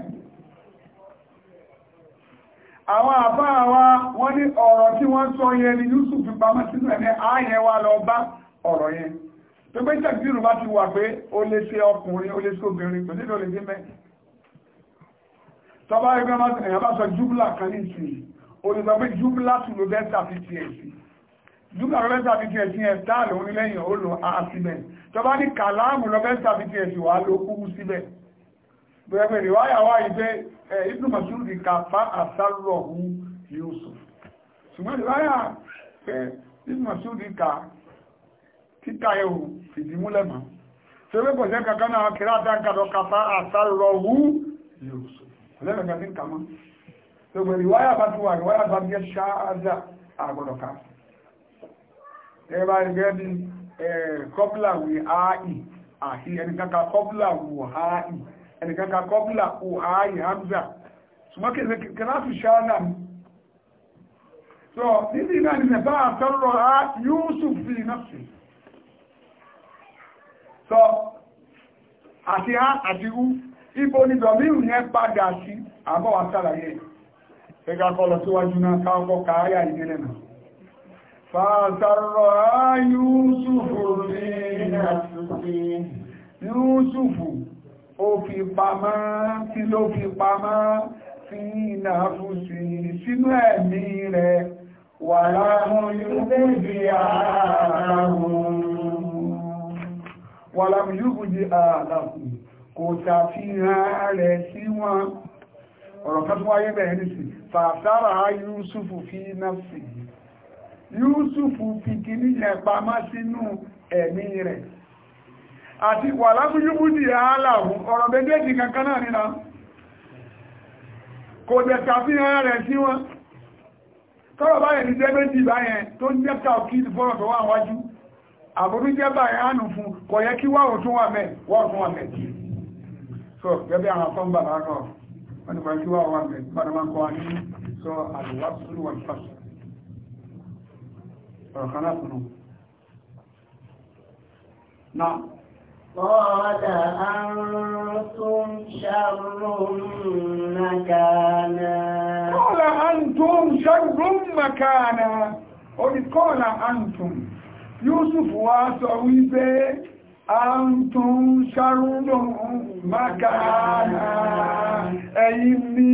àwọn àbá wa wọ́n ní ọ̀rọ̀ tí wọ́n sọ yẹn ni sínú ẹ̀mí lọ tó pé tẹ̀kìrù bá ti wà pé ó lè ṣe ọkùnrin ó lè ṣe obìnrin kò nílò lè dé mẹ́ tọ́bá ẹgbẹ́ máa tẹ̀yàn bá sọ júbùlà kan ní ìsìn olùsọ pé júbùlà tù ló bẹ́ tàbí tiẹ̀ sí júbùlà ló bẹ́ tàbí tiẹ̀ sí ẹ̀ táà lòun lẹ́yìn ó lò á síbẹ̀ tọ́bá ní kàláàmù ló bẹ́ tàbí tiẹ̀ sí wà ló kú síbẹ̀ bẹ̀rẹ̀ ìwáyà wá ìgbé ibnu masudi kàfá àsárọ̀hù yusuf ṣùgbọ́n ìwáyà ibnu masudi kà kíkà ẹ̀hùn fìdí múlẹ̀ mọ́ torí kò sí kankan náà kí láti àkàdọ̀ kàtà àtàrọ̀ wú lẹ́nu kan ní kàmọ́ gbogbo ìwáyà bá ti wà ìwáyà bá jẹ́ ṣááza àgbọ̀dọ̀ ká ẹ̀rọ ẹgbẹ́ ni kọ́pùlà wù áì àti ẹnìkankan kọ́pùlà wù áì ẹnìkankan kọ́pùlà wù áì hamza ṣùgbọ́n kí láti ṣááza mi Yusuf fi náà sọ àti á àti ú ibo ni dọ̀míù yẹn padà sí àbọ̀wà sàlàyé ẹgbà kọlọ̀ síwájú náà káàkọ́ káàyà ìdílẹ̀ náà fàtàrọ̀ Yúsùfù ní àtúnṣe Yúsùfù ó fi pamọ́ tí ló fi pamọ́ sí ìnàfúsì sínú ẹ̀mí rẹ̀ wà láàrùn yóò wàlámù yúbù di àlàkù kò ṣàfihàn rẹ̀ sí wọn ọ̀rọ̀ kan tó wáyé bẹ̀rẹ̀ nìsí fàṣàrà yúúsùfù fi náfsì yúúsùfù fi kìíní yẹn pamá sínú ẹ̀mí rẹ̀ àti wàlámù yúbù di àlàkù ọ̀rọ̀ méjèèjì kankan náà nínú kò dẹ̀ ṣàfihàn rẹ̀ sí wọn tọ́rọ̀ báyẹ̀ ní jẹ́ àbúrú jẹ́ báyìí ánù fún kò yẹ kí wáwọ̀ tún wà mẹ́ wọ́n tún wà mẹ́ so gẹ́gẹ́ àwọn fọ́n bàbá rọ̀ wọ́n ni kò kí wáwọ̀ wà mẹ́ bàbá máa kọ́ ní sọ àlùwà sórí wọn fàṣọ ọ̀rọ̀ kan láti nù na قال أنتم شر مكانا قال أنتم شر مكانا قل قال أنتم Yusuf wa sọ wípé a ń tún ṣarúnlò mákàánà ẹ̀yìn ní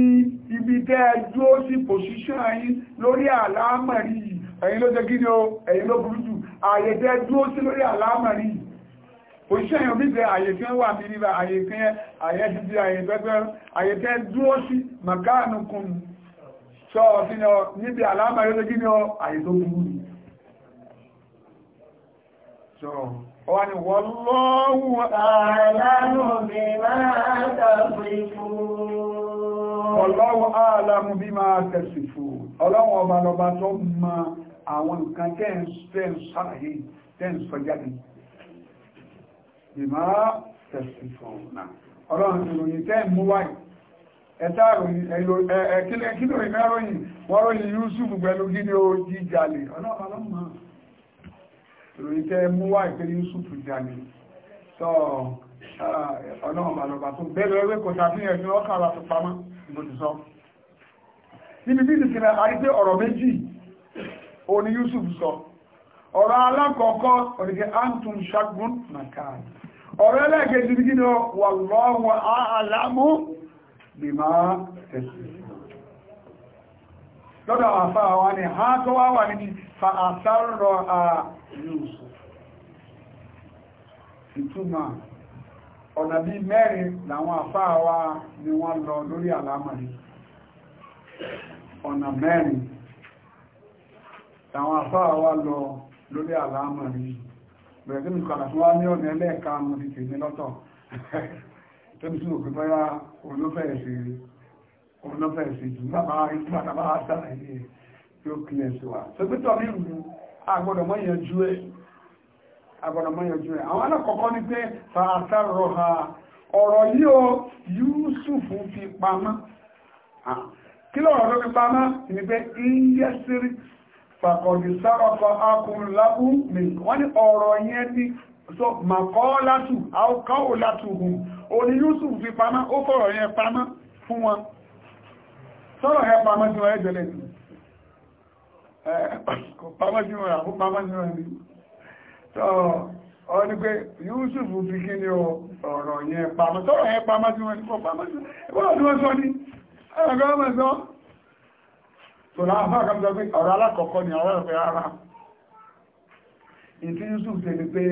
ibi tẹ́ ẹjọ́ sí pòṣíṣàn yìí lórí àlámàrí ẹ̀yìn ló jẹ́ gíní o ẹ̀yìn ló burú jù ààyè tẹ́ ẹjọ́ sí lórí àlámàrí òṣìṣẹ́ yóò bí bẹ àyè tí wà ní nílá àyè tí àyè ti di àyè pẹ́pẹ́ àyè tẹ́ dúró sí Ọwá ni wọ́n lọ́wọ́ ààlàmù bí máa tẹ̀sì fún. Ọlọ́wọ́ ọba lọba tó ma àwọn nǹkan tẹ́ ń sáàyè tẹ́ ń sọ jáde. Bí máa tẹ̀sì fún náà. Ọlọ́run ìròyìn tẹ́ ń mú wáyìí. Ẹ̀ta ìròyìn, ẹ̀kílẹ̀ ìròyìn mẹ́ròyìn, wọ́n ròyìn Yúsùfù pẹ̀lú gíní ó jíjalè. Ọlọ́run ìròyìn tẹ́ mú wá ìpele Yusuf jáde sọ ọ̀nà ọ̀bàlọ̀bà tó bẹ́ẹ̀ lọ́wọ́ kò sàfihàn ẹ̀sìn ọkà àbàtò pamọ́ ìbò ti sọ níbi bí ìsìnkìlẹ̀ àrígbé ọ̀rọ̀ méjì òní Yusuf sọ ọ̀rọ̀ alákọ̀ọ́kọ́ òdìgẹ́ antum shagun makan ọ̀rọ̀ ẹlẹ́gẹ̀ẹ́ lọ́dọ̀ àfá wa ní ha tó wá wà ní fa àtàrọ̀ à Yusuf ìtumà ọ̀nà bí mẹ́rin làwọn àfá wa ni wọ́n lọ lórí àlámàrí ọ̀nà mẹ́rin làwọn àfá wa lọ lórí àlámàrí bẹ̀rẹ̀ tí mi kọ̀dà tó wá ní ọ̀nà ẹlẹ́ẹ̀kan mo ti tèmi lọ́tọ̀ tó ní sí òkú báyá olófẹ́ ìṣeré òun náà fẹ́ ṣe jù bàbá ìgbà bàbá sàlàyé ẹ̀ yóò kílẹ̀ sí wa sọgbẹ́tọ̀ mi rú agbọ́dọ̀ mọ́ ni pé fàáta rọ̀ ha ọ̀rọ̀ yìí o Yusuf fi pamọ́ ni pé ìyẹ́sírí fàkọ̀dì sárọ̀kọ̀ akùnlábù mi wọ́n ní ọ̀rọ̀ yẹn ni so màkọ́ látù àwòkáwò látù hù òní Yusuf fi pamọ́ ó fọ̀rọ̀ yẹn pamọ́ fún wọn sọ́rọ̀ ẹ pàmọ́ sí wọn ẹgbẹ̀lẹ̀ ni kò pàmọ́ sí wọn àkó pàmọ́ sí wọn ni tọ́ ọ ní pé Yusuf fi kí ni ọ̀rọ̀ yẹn pàmọ́ sọ́rọ̀ ẹ pàmọ́ sí wọn ni kò pàmọ́ sí wọn ni wọ́n sọ ni ẹgbẹ́ ọmọ sọ tò láwọn fún àkàmọ́ sọ pé ọ̀rọ̀ alákọ̀ọ́kọ́ ni ọ̀rọ̀ ẹ̀fẹ́ rárá ìtí Yusuf ṣe ni pé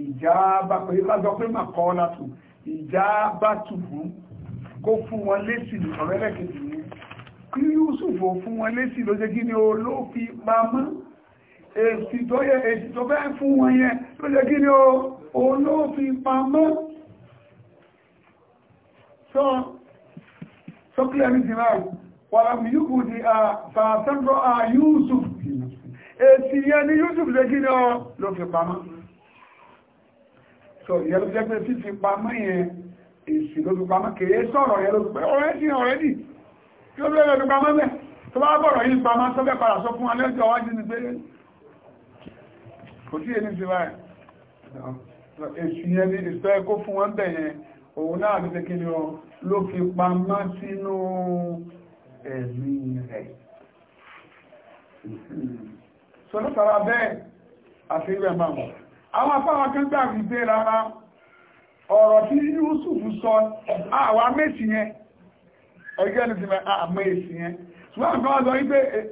ìjà bá pé ká sọ pé màkọ́ látù ìjà bá tù fún kó fún wọn lésì ọ̀rẹ́lẹ́kejì yìí kí Yúsùfò fún wọn lésì ló jẹ́ kí ni ó ló fi pamọ́ èsì tó yẹ èsì tó bẹ́ fún wọn yẹn ló jẹ́ kí ni ó ló fi pamọ́ sọ́kílẹ̀ ní ti máa wàrà mi yúkù di àfàṣẹ́gbọ́ à Yúsùf èsì yẹn ni Yúsùf jẹ́ kí ni ó ló fi pamọ́ so yẹ ló jẹ́ pé fífi pamọ́ yẹn èsì ló fi pamọ́ kèé sọ̀rọ̀ yẹ ló fi pẹ́ kí ó bẹ̀rẹ̀ ẹ̀dùn pamọ́ mẹ́ tó bá bọ̀rọ̀ yìí pamọ́ tó bẹ̀ padà sọ fún alẹ́jọ́ wájú ní pé kò sí èyí sí báyìí èsì yẹn ni ìsọ ẹkó fún wọn bẹ̀ yẹn òun náà ló tẹ́kí ni ọ ló fi pamọ́ sínú ẹ̀mí rẹ̀ sọ lọ́tara bẹ́ẹ̀ àti ìrẹ̀ máa mọ̀ àwọn afáwọn kan gbà wípé rárá ọ̀rọ̀ tí Yusuf sọ àwa méjì yẹn ẹgbẹ́ ẹni ti mẹ́ àmọ́ èsì yẹn ṣùgbọ́n kan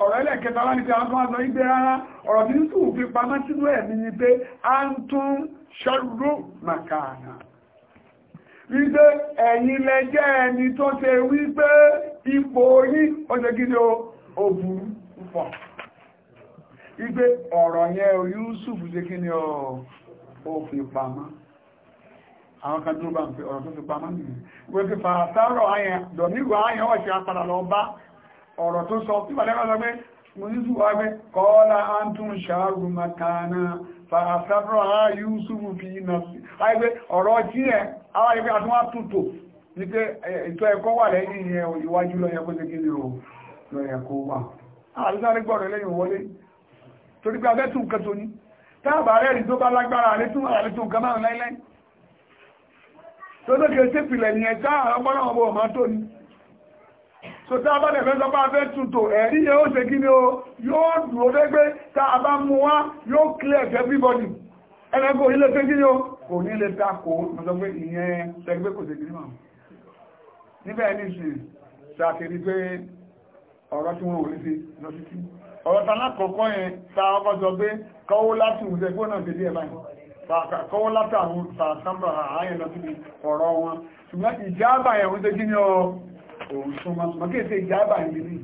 ọ̀rọ̀ wá ní àwọn kan eh, rárá ọ̀rọ̀ tí fi pamọ́ sínú ẹ̀mí ni pé a ń tún màkàánà wípé lẹ́jẹ́ ẹni tó ṣe wípé ipò ó àwọn kan tó bá ń fi ọ̀rọ̀ tó fi pamọ́ nìyẹn wọ́n ti fàtàrọ̀ ayẹn dọ̀míwò ayẹn wọ́n ṣe apadà lọ bá ọ̀rọ̀ tó sọ tí bàdẹ́ bá sọ pé mo ní sùn wá pé kọ́ọ́lá antum ṣáàrù makana fàtàrọ̀ ayúsùfù fi iná sí ayẹgbẹ́ ọ̀rọ̀ tí ẹ̀ àwọn ayẹgbẹ́ àti wọ́n tutù ní pé ètò ẹ̀kọ́ wà lẹ́yìn yẹn ìwájú lọ yẹn o lọ yẹn kó wà àlùsáré gbọ́dọ̀ lẹ́yìn wọlé torí pé abẹ́tù nǹkan tó ní táàbà rẹ̀ rí tó bá lágbára àlétún àlétún nǹkan márùn-ún tó lókè sí ìpìlẹ̀ ní ẹ̀dá ọgbọ́nà ọmọ ọmọ tó ní so ah, tá a bá lẹ̀fẹ́ sọpá fẹ́ tuntò ẹ̀rí yẹ ó ṣe kí ni o yóò dúró dẹ́gbé tá a bá mú wá yóò clear to everybody ẹlẹ́gbẹ́ onílé pé kí ni o kò ní lè ta kó mọ́sọ pé ìyẹn tẹ́gbẹ́ kò ṣe kí ni mọ̀ níbẹ̀ ní sì ṣàkiri pé ọ̀rọ̀ tí wọ́n wò sí lọ sí ọ̀rọ̀ tán lákọ̀ọ́kọ́ yẹn tá a kọ́ sọ pé kọ́wó láti wùsẹ̀ gbóná tẹ̀lé ẹ̀ báyìí kọ́wọ́ látàrún sàtàmbà ààyàn lọ síbi ọ̀rọ̀ wọn ṣùgbọ́n ìjábà ẹ̀wọ́n tó jí ní ọ̀rùn súnmọ́ ṣùgbọ́n kí èsè ìjábà ìlú ní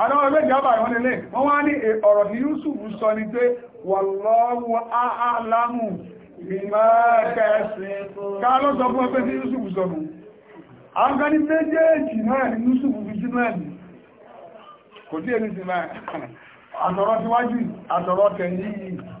àwọn ọgbẹ́ ìjábà ẹ̀wọ́n lélẹ̀ wọ́n wá ní e, ọ̀rọ̀ tí Yusuf sọ ni pé wallahu a'lamu bima kasibun ká ló sọ fún ẹgbẹ́ tí Yusuf sọ nù àwọn kan ní méjèèjì náà ni Yusuf fi sí náà nì kò tí èmi sì máa àtọ̀rọ̀ tiwájú àtọ̀rọ̀ tẹ̀yìn yìí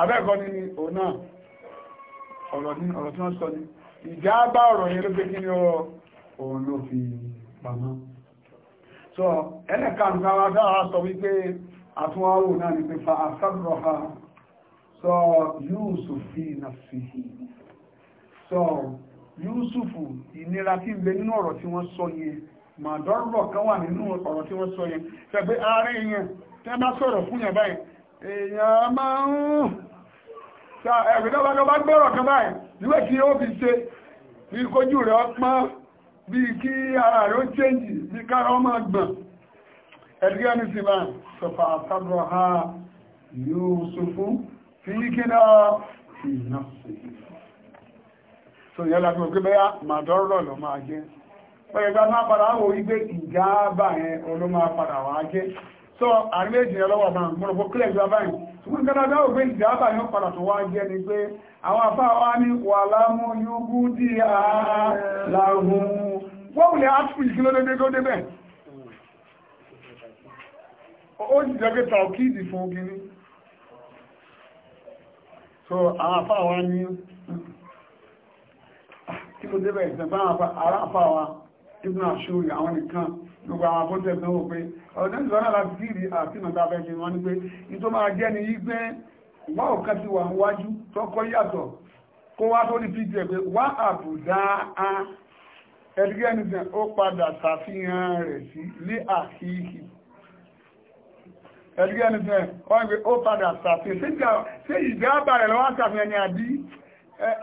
abẹ́ẹ̀kọ́ ní òun náà ọ̀rọ̀ tí wọ́n sọ ní ìjà bá ọ̀rọ̀ yẹn ló pé kí ní òun ló fi pamọ́ so ẹlẹ́kàánù fi nafsihi sọ Yusuf ìnira tí ń bẹ nínú ọ̀rọ̀ tí wọ́n sọ yẹn màdọ́rọ̀ kan wà nínú ọ̀rọ̀ tí wọ́n sọ yẹn tẹ́ ààrẹ yẹn tẹ́ bá sọ̀rọ̀ fún yẹn báyìí èèyàn máa ń ta ẹ̀fẹ́dọ́gbàdọ́ bá gbọ́rọ̀ kan báyìí níwẹ̀ tí ó fi ṣe bí kójú rẹ̀ ọpọ́n bí kí ara rẹ̀ ó jẹ́jì bí kára ọmọ ọgbọ̀n ẹ̀dùgẹ́ ní ha yóò fún fi kí náà so àríwé ìjìnlẹ̀ lọ́wọ́ bá mọ̀rọ̀fọ́ kílẹ̀ ìjọba báyìí ṣùgbọ́n gbẹ́dàgbà ògbé ìjọba yóò padà tó wá jẹ́ ni pé àwọn afá wa ní wà lámú yúgú dí àláhùn so àwọn afá wa ní kí ló débẹ̀ ìjọba àwọn afá wa inú àṣórí àwọn nìkan gbogbo àwọn abọ́tẹ̀ náà wò pé ọ̀dọ́ ìlọ́nà láti dìrì àti ìmọ̀ta abẹ́ ṣe wọ́n ní pé ní tó máa jẹ́ ni yí pé wá òkan ti wà wájú tọ́kọ́ yàtọ̀ kó wá tó ní fídíò ẹ̀ pé wá àbùdá á ẹ̀dígẹ́ nìkan ó padà ṣàfihàn rẹ̀ sí lé àhíhì ẹ̀dígẹ́ nìkan ó padà ṣàfihàn sí ìjà àbàrẹ̀ lọ́wọ́ ṣàfihàn ni àdí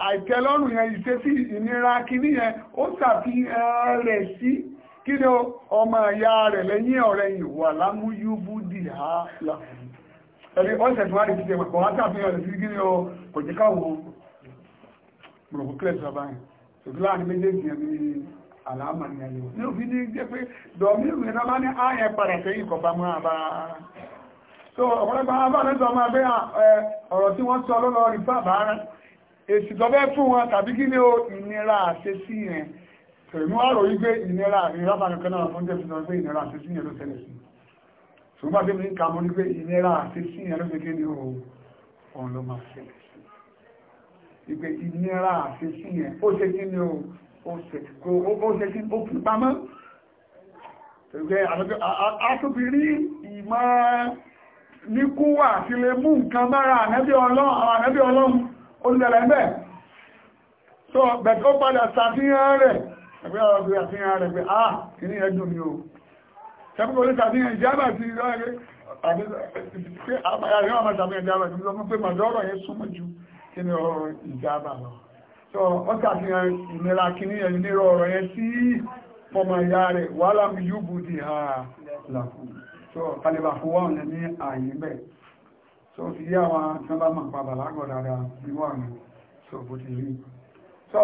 àìtẹ́lọ́rùn yẹn ìṣe sí ìnira kìíní yẹn ó ṣàfihàn rẹ̀ sí kí ni ọmọ ìyá rẹ̀ lẹ́yìn ọ̀rẹ́ ìwà lámúyúbú dì á làkùn ẹni ọ̀sẹ̀ tí wọ́n rí títẹ̀ pọ̀ wọ́n ṣàfihàn rẹ̀ sí kí ni ọ kò jẹ́ káwọn mọ̀rọ̀kú kílẹ̀ sábà yẹn ṣùgbọ́n láàrin méjèèjì yẹn ní àlàámà ní so ọ̀pọ̀lọpọ̀ abá lẹ́sọ̀ ọmọ abẹ́ ọ̀rọ̀ tí wọ́n sọ lọ́lọ́ rí fábàárá èsì tó bẹ́ fún wọn tàbí kí ní o ìnira àṣẹ sí yẹn pẹ̀lú àrò wípé ìnira ìnira bá nìkan náà fún jẹ́sì lọ pé ìnira àṣẹ sí yẹn ló tẹ̀lé sí ṣùgbọ́n bí mi ń ka mọ́ ní pé ìnira àṣẹ sí yẹn ló fi kí ní o òun ló máa ṣẹlẹ̀ sí ìpè ìnira o ó ṣe kí ó fi pamọ́ ṣùgbẹ́ àtúbìrí ìmọ̀ níkú àti lè mú nǹkan onílẹ̀ ẹgbẹ́ so bẹ̀kọ́ padà sàfihàn rẹ̀ ẹgbẹ́ ọ̀gbẹ̀ àfihàn rẹ̀ pé ah kìí ẹdùn ni o tẹ́bùkọ́ lè sàfihàn ìjábà sí ìrọ́rẹ̀ àti pé àyàrí ọmọ sàfihàn ìjábà sí ìjọba pé màdọ́rọ̀ yẹn súnmọ́ ju kí ni ọ̀rọ̀ ìjábà lọ so ó sàfihàn ìnira kìíní ẹni nírọ̀ ọ̀rọ̀ yẹn sí fọmọ ìyá rẹ̀ wàhálà mi yóò bù di ha làkú so kalẹ̀ bàfọwọ́ ọ̀nà ní so fi yá wa tán bá mọ̀ pa bàlágọ̀ dáadáa níwọ̀ àmì so bó ti rí so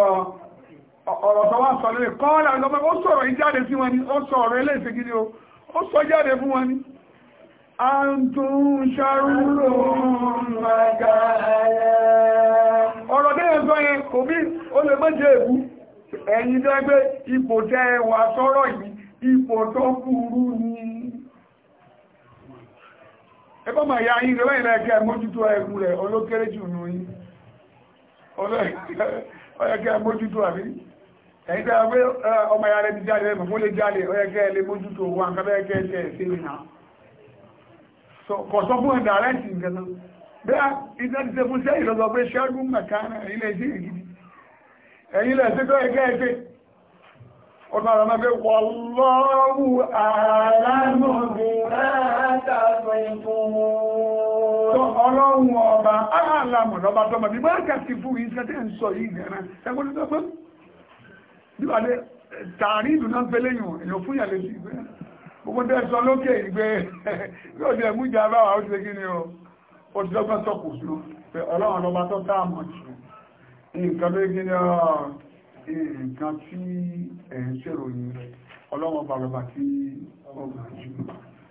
ọ̀rọ̀ tó wá sọ lórí kọ́ọ̀lá lọ́pẹ́ ó sọ̀rọ̀ ìjáde sí wọn ni ó sọ̀rọ̀ ilé ìsìnkiri o ó sọ jáde fún wọn ni a ń tún ṣarúrò ọ̀rọ̀ tẹ́yẹ sọ yẹn kò bí ó lè mẹ́jẹ èbú ẹ̀yìn tẹ́gbẹ́ ipò tẹ́ wà sọ̀rọ̀ yìí ipò tó burú ni ẹgbọ́ ma ya yí rẹ̀ ẹ̀kẹ́ mójútó ẹ̀kú rẹ̀ olókéré jù nù yí ọ̀yẹ́kẹ́ mójútó àbí ẹ̀yìn tẹ́ ọgbẹ́ ọmọ ya rẹ̀ ti jáde ẹ̀mọ̀ mú lè jáde ọ̀yẹ́kẹ́ lè mójútó wọn kẹ́bẹ́ẹ̀kẹ́ ṣe ṣe nà kọ̀ sọ fún ẹ̀dà rẹ̀ sì nǹkan náà bẹ́ẹ̀ iṣẹ́ ti ṣe ọ̀nà ọ̀rọ̀ mẹ́fẹ́ wọ́lọ́wù ààrẹ́mù bí mẹ́ta fún ọlọ́run ọba aláàmù lọ́ba tọ́mà bí mẹ́ta ti fún ìṣẹ́ tí ń sọ yìí gẹ̀rẹ́ ẹgbẹ́ tó fún bí wà lé tààrí ìlú náà fẹ́ lẹ́yìn èèyàn fún ìyàlẹ́ sí ìgbẹ́ gbogbo tẹ́ sọ lókè ìgbẹ́ yóò jẹ́ mú ìjà bá wà ó ti kí ni o ó ti lọ́gbọ́n sọ̀kù sí ọlọ́run lọ́ba tó táàmù jù nǹkan tó kí ni ọ̀rọ̀ nǹkan tí ẹ̀ ń ṣèròyìn rẹ̀ ọlọ́wọ́ bàbàbà tí ó gbà jù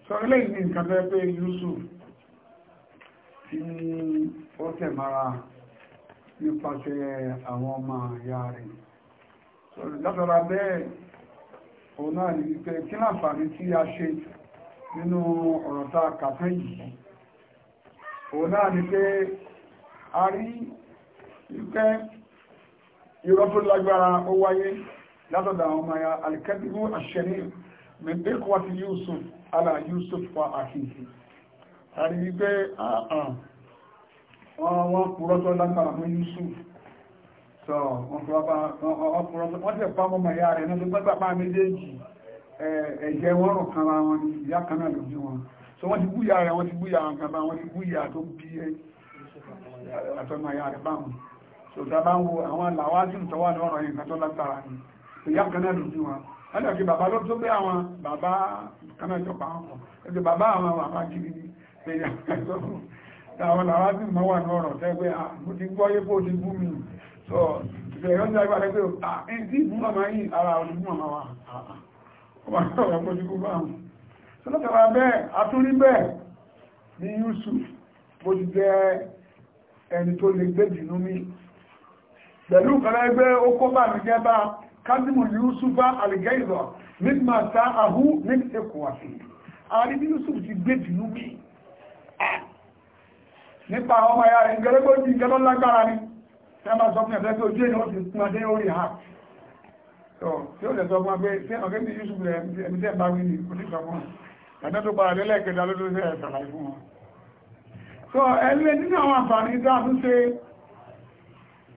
sọ ilé ìní nǹkan tó pé Yusuf tí ó tẹ̀ mara nípasẹ̀ àwọn ọmọ ìyá rẹ̀ látara bẹ́ẹ̀ òun náà ní wípé kí láǹfààní tí a ṣe nínú ọ̀rọ̀ tá a kà tán yìí òun náà ní pé a rí wípé irọ́ tó lágbára ó wáyé látọ̀dọ̀ àwọn ọmọ ya alikẹ́dìmú àṣẹrí mẹ́tẹ́kọ̀ọ́ ti Yusuf ala Yusuf wa àkíyèsí àrí wípé wọ́n púrọ́ tó lágbára fún Yusuf sọ wọ́n tẹ̀ pa ọmọ ya rẹ̀ náà tó gbẹ́gbà pa méjèèjì ẹ̀jẹ̀ wọn rọ̀ kanra wọn ni ìyá kan náà lójú wọn so wọ́n ti búyà rẹ̀ wọ́n ti búyà wọn kan bá wọ́n ti búyà tó bí ẹ àtọ́mọ ya rẹ̀ báwọn sọ̀tàbá ń wo àwọn làwájú tọwà lọ́rọ̀ nǹkan tó lágbára ní ìyá kanáà lójú wọn ẹlẹ́kì bàbá ló tó pé àwọn bàbá kanáà tó pa ọkọ̀ ẹgbẹ́ bàbá àwọn bàbá kiri ní ẹ̀yà àwọn làwájú mọ́ wà lọ́rọ̀ tẹ́gbẹ́ mo ti gbọ́ yé kó ti bú mi sọ ìfẹ̀yọ́ ní agbára pé ẹni tí ìbú màmá yìí ara ọdún pẹ̀lú kọ̀lẹ́gbẹ́ okó bá mi jẹ́ bá kásìmù yusufa alìgẹ́ìzọ̀ nígbà tá àhú ní ìkùwàsí àrí bí yusuf ti gbé bínú mi nípa ọmọ ya rẹ̀ gẹ́lẹ́gbẹ́ ojú ìgẹ́lọ́ lágbára ni tí a máa sọ fún ẹ̀fẹ́ ojú ènìyàn ti pín adé orí ha tí ó lè sọ fún wa pé tí ọ̀gẹ́ bí yusuf rẹ̀ ẹ̀mí tẹ́ bá wí ní oníkà fún wọn ẹ̀dẹ́ tó bá rẹ̀ lẹ́ẹ̀kẹta ló tó ṣe ẹ̀sàlàyé fún wọn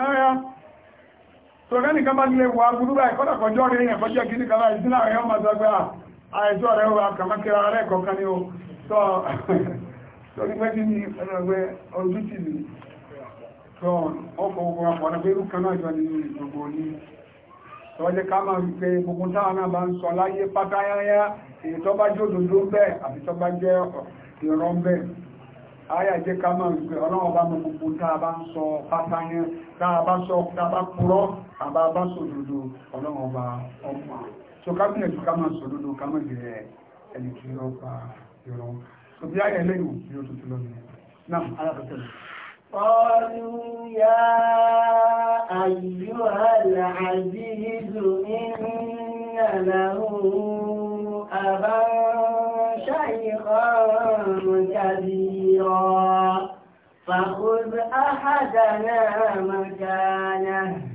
ẹ̀rọ tòrẹ́ nìkan bá nílé wà gúrú báyìí kọ́dà kọjọ́ rí èèyàn kọjọ́ kí ní ọrịa ìsìnlá rẹ̀ ọmọ sọgbà àìsọ́ rẹ̀ wà kàmákẹ́ra rẹ̀ kọ̀ọ̀kan ni ó sọ torí pé ní ẹgbẹ́ ní ọkọ̀ ogun ayà jẹ́ ká máa wípé ọlọ́wọ́ bá mọ́ gbogbo táa bá ń sọ pátáyán táa bá sọ táa bá purọ́ àbá bá sòdodo ọlọ́wọ́ bá ọmọ so ká ká máa sòdodo ká máa gbìyànjú ẹni tí ó pa ìrọ̀ so bí ayà ẹlẹ́yìn bí ó tuntun lọ́nà náà alábẹ́tẹ̀lẹ̀ قالوا يا أيها العزيز إن له أبا شيخا كبيرا كثيرا فخذ أحدنا مكانه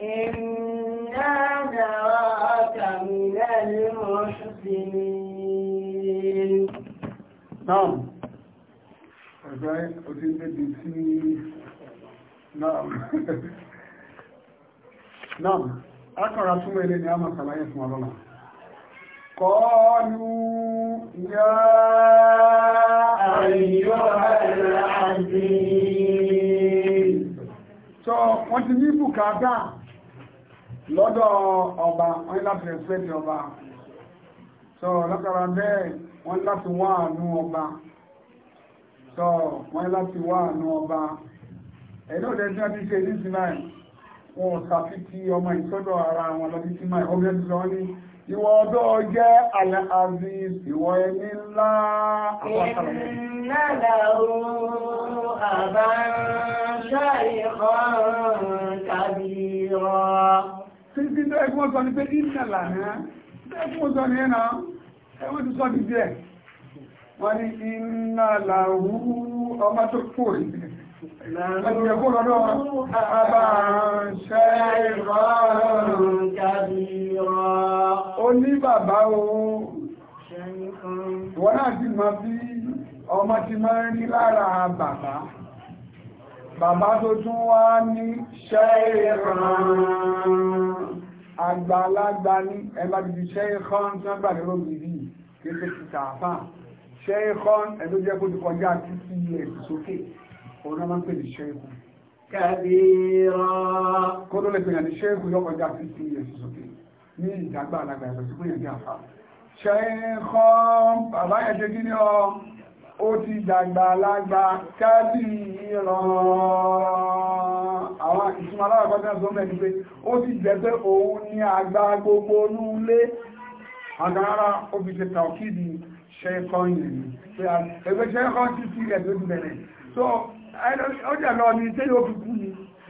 إنا نراك من المحسنين نعم أزاي أريد بسي نعم نعم أكرا سمي لنعم الصلاة والسلام قالوا يا أيها العزيز so wọ́n ti ní bùkátà lọ́dọ̀ ọba wọ́n ní láti respect ọba so lọ́kàrà bẹ́ẹ̀ wọ́n ní láti wá àánú ọba so wọ́n ní láti wá àánú ọba ẹ̀yìn náà lẹ́sìn àti ṣe ní sinai wọn ò sàfitì ọmọ ìsọ́dọ̀ ara wọn lọ́dí sinai ọgbẹ́ ti sọ ní ìwọ ọdọ́ jẹ́ alẹ́ aziz ìwọ ẹni ńlá Títí tó ẹgbọ́n sọ ni pé ìnàlà náà, ẹgbọ́n sọ ni ẹ̀nà, sọ ti díẹ̀. ìnàlà rú ọmọ tó kò rí. Ẹgbẹ̀rẹ̀ ní bàbá ohun wọ́n náà ti mọ́ sí ọmọ ti mọ́ rí lára bàbá bàbá tó tún wá ní ṣẹ́ẹ̀kan àgbàlagbà ní ẹgbà dìbì ṣẹ́ẹ̀kan tí wọ́n gbà lérò gidi kéèké ti tààfà ṣẹ́ẹ̀kan ẹ̀ló jẹ́ kó ti kọjá títí ilẹ̀ sókè òun máa ń pè ní ṣẹ́ẹ̀kan kàbíra kó ló lè pè ní ṣẹ́ẹ̀kan yọkọjá títí ilẹ̀ sókè ní ìdàgbà àlàgbà ẹ̀sọ̀ sí péyàn ní àfà ṣẹ́ẹ̀kọ́ bàbá ẹ̀ṣẹ́ kí ní ọ ó ti dàgbà àlàgbà káàdì ìran àwọn ìtumọ̀ sọ mẹ́rin pé ó ti jẹ́ pé òun ni àgbà gbogbo onúlé àgbàrá ó fi ṣe tàókìdì ṣẹ́ẹ̀kọ́ yìí ẹgbẹ́ ṣẹ́ẹ̀kọ́ ti ti rẹ̀ tó ti bẹ̀rẹ̀ so ó jẹ́ lọ ni tẹ́lẹ̀ ó fi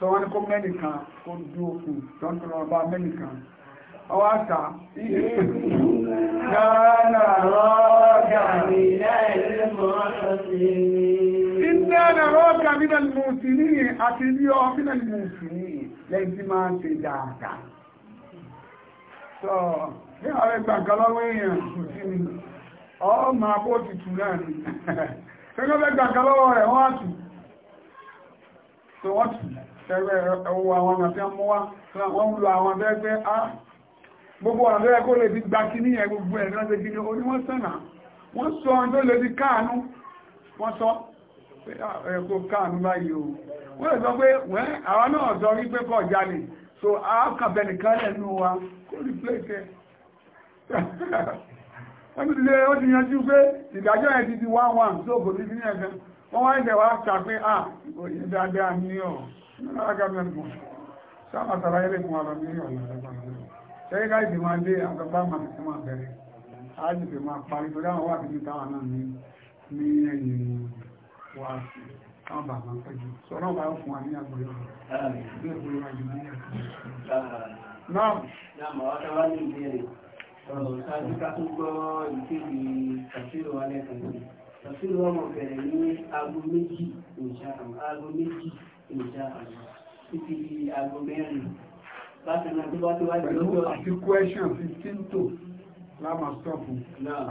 sọ wọ́n ní kó mẹ́nìkan kó dúó fún lọ́nà ọba mẹ́nìkan ọwọ́ àtà ìgbàna rọ́ọ̀gà nílẹ̀ ilẹ̀ mọ́ọ̀sí ní ìgbàna rọ́ọ̀gà nílẹ̀ mọ́ọ̀sí ní àti ilé ọ nílẹ̀ mọ́ọ̀sí ní lẹ́yìn tí máa ń ṣe dáadáa sọ ní ààrẹ gbàǹkà lọ́wọ́ èèyàn ọ máa bó ti tù náà ní ṣẹ́gbẹ́ gbàǹkà lọ́wọ́ rẹ̀ wọ́n á tù ẹgbẹ́ ẹwọ àwọn ọ̀nà tí wọ́n wá wọ́n ń lo ah, lè fi gba kí ní ẹ̀ gbogbo ẹ̀ lọ́sẹ̀ kí orí wọ́n sànà wọ́n sọ ohun tó lè fi káànú wọ́n sọ ah, ẹ̀kọ́ káànú báyìí o wọ́n lè sọ pé wẹ́n àwọn náà sọ wípé kọ̀ jalè so àákàbẹ̀ nìkan lẹ́nu wa kó Sáàmà tàrà ilé fún ara ní ọ̀nà ìrẹ́gbọ̀n náà. Ṣé ká ìdí máa lé àgbàgbà máa ti máa bẹ̀rẹ̀? A jù pé máa parí torí àwọn wà nínú táwọn náà ní ní ẹ̀yìn wa sí. Àwọn bàbá ń pẹ́jù. Sọ náà bá fún wa ní àgbòyọ̀. Bí ìgbòyọ̀ wájú ní ẹ̀kọ́. Náà. Náà màá wá ìjà títí aago mẹ́rin bákan náà tó bá tó wá àti question fifteen to láàmà stọ́ọ̀pù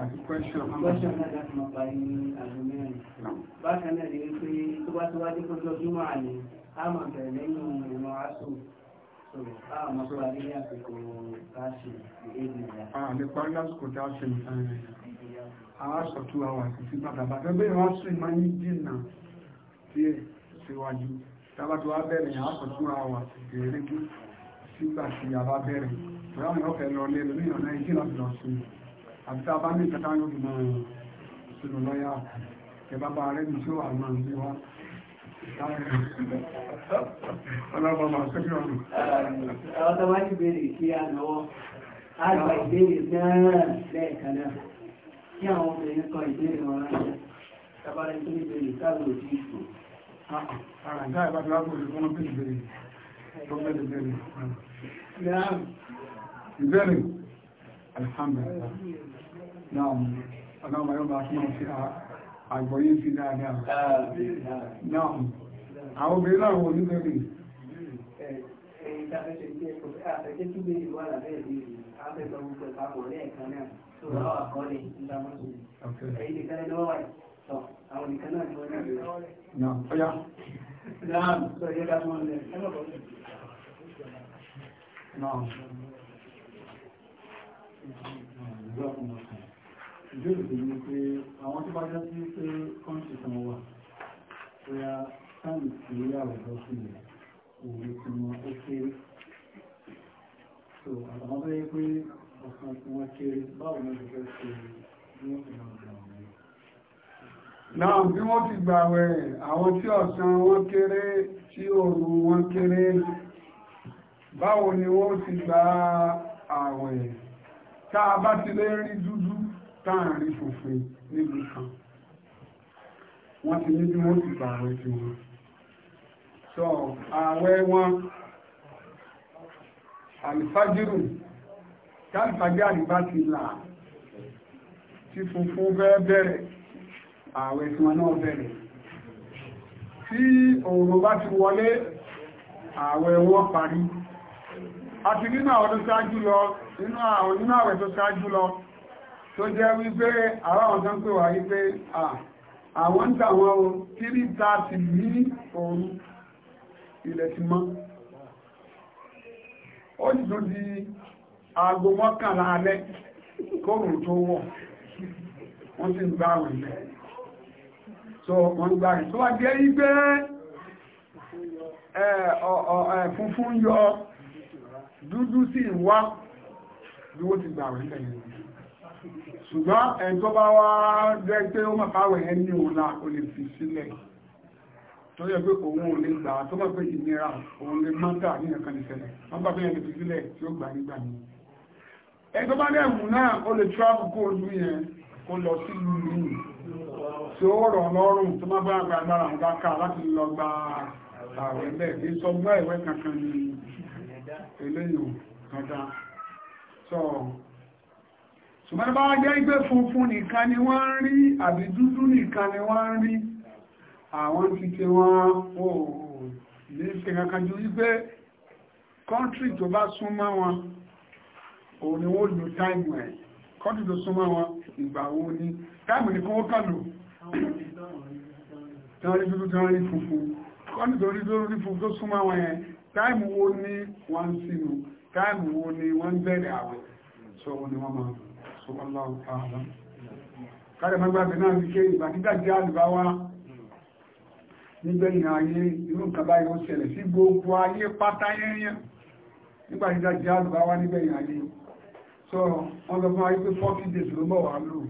àti question question náà láti máa parí ní aago mẹ́rin bákan náà lè pé tó bá tó wá jẹ́ ọjọ́ júmọ̀ àlè á máa bẹ̀rẹ̀ lẹ́yìn ìmọ̀ aṣọ Àlèkọ́ lásìkò tí a ṣe ìfẹ́ àwọn aṣọ two hours ìfipá bàbá. Ẹgbẹ́ ìwọ́n sún ìmọ̀ ní jìnnà tí è síwájú. tábà tó wá bẹ̀rẹ̀ yàn ápọ̀ fúnra wà gẹ̀ẹ́rẹ́gẹ́ sígbà sí àbá bẹ̀rẹ̀ ìrọ̀lẹ́ ọ̀fẹ́ não lé lórí ọ̀nà ìjì láti lọ sí àti tá a bá é, tá não ìtàkà yóò fi máa sọ̀rọ̀ lọ́yà ẹ bá bá rẹ̀ ní tí ó wà máa mamãe, gbé wá ọlọ́pàá máa sọ́kì ọ̀nà. ọ̀tọ̀ wá ní ìbéèrè kí a lọ́wọ́ a gba ìbéèrè náà lẹ́ẹ̀kan náà kí àwọn obìnrin kọ ìbéèrè wọn ránṣẹ́ tábàrẹ́ tó ní ìbéèrè káàlù òjì ìgbò ìbẹ̀rẹ̀ alhamdulillah náà ọlọ́mọ yóò bá túnmọ̀ sí àgbọ̀yé sí dáadáa àwọn tó bá jẹ́ sí pé kọ́ńtì kan wà, bóyá táìmì tí ó yà wọ́n lọ sí òun ti mọ ó kéré. So, àtàwọn tó pé ọ̀sán tí wọ́n kéré, báwo ni ṣe ní ọ̀sán náà bí wọ́n ti gbàwẹ̀ àwọn tí ọ̀sán wọn kéré tí òru wọn kéré báwo ni wọ́n ti gba àwẹ̀ tá a bá ti lè rí dúdú táàrin funfun níbi kan wọ́n ti ní bí wọ́n ti gba àwẹ̀ tí wọ́n sọ àwẹ̀ wọn àlìfájírù tálìfájárì bá ti là tí funfun bẹ́ẹ̀ bẹ̀rẹ̀ ààwẹ̀ tí wọn náà bẹ̀rẹ̀ tí òòrùn bá ti wọlé ààwẹ̀ wọn parí àti nínú àwọn tó ṣáájú lọ nínú àwọn nínú ààwẹ̀ tó ṣáájú lọ tó jẹ́ wípé àwọn tó ń pè wá wípé àwọn ń tàwọn o tírí ta ti ní òòrùn ilẹ̀ ti mọ́ ó sì tún di aago mọ́kànlá alẹ́ kóòrùn tó wọ̀ wọ́n sì ń gbá so wọ́n gbà rẹ̀ tó wá jẹ́ igbé funfun yọ dúdú sí ìwá bí wọ́n ti gbà rẹ̀ lẹ́yìn ṣùgbọ́n ẹni tó bá wá jẹ́ pé ó mọ̀ fáwẹ̀ ẹ̀ ní òun la o lè fi sílẹ̀ tó yẹ pé òun ò lè gbà tó mọ̀ pé ìnira òun lè mọ́ta ní ẹ̀kan ìṣẹ̀lẹ̀ wọ́n bá fẹ́yẹ̀ lè fi sílẹ̀ tí ó gbà nígbà ní ẹni tó bá dẹ̀ mú náà ó lè travel kó ojú yẹn kó lọ sí ìlú yìí tí ó rọ̀ lọ́rùn tó má bá agbára ń dáká láti lọ gba àwẹ̀ bẹ́ẹ̀ kí sọgbọ́n ìwé kankan ní eléyìn kọjá sọ ṣùgbọ́n bá jẹ́ ìgbé funfun nìkan ni wọ́n ń rí àbí dúdú nìkan ni wọ́n ń rí àwọn ti ti wọ́n ò ní ṣe kankan ju wípé kọ́ńtírì tó bá súnmọ́ wọn òun ni wọ́n lò táìmù ẹ̀ kọ́ńtírì tó súnmọ́ wọn ìgbà wo ni táìmù nìkan ó kàn lò tí wọ́n rí dúdú tí wọ́n rí funfun wọ́n ní torí dúdú rí funfun tó súnmọ́ wọn yẹn táìmù wo ní wọ́n sínú táìmù wo ní wọ́n bẹ̀rẹ̀ àwẹ̀ sọ wọn ni wọ́n máa sọ aláwọ̀ ààrẹ kárẹ̀ mọ́gbàgbẹ̀ náà wíké ìgbàkígbàjẹ́ àlùbáwá nígbẹ̀yìn ayé inú kàbá yóò ṣẹlẹ̀ sí gbogbo ayé pátá yẹ́yẹ́ nígbàkígbàjẹ́ àlùbáwá nígbẹ̀yìn ayé sọ wọ́n lọ fún ayé pé 40 days ló mọ̀ wà lóòrùn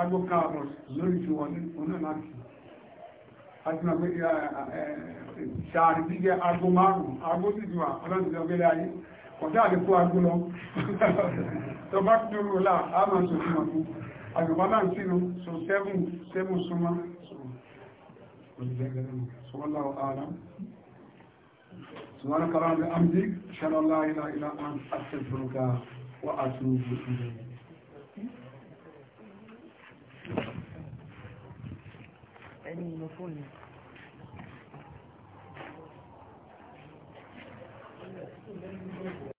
agbó káàbọ̀ lórí tí wọ́n ní láti àti ma pé ṣàrí tí jẹ́ agbó márùn-ún agbó sì ti wà ọlọ́dún ọgbẹ́lẹ̀ ayé kọjá àlékó agbó lọ tó bá kí ó rọlá àmà sòfin ọ̀fú àgbàbá náà sínú so seven seven súnmọ́ sọ́wọ́láwọ́ ààrá سبحانك اللهم وبحمدك اشهد ان لا اله الا انت استغفرك واتوب اليك ẹni inú fóònù Thank you.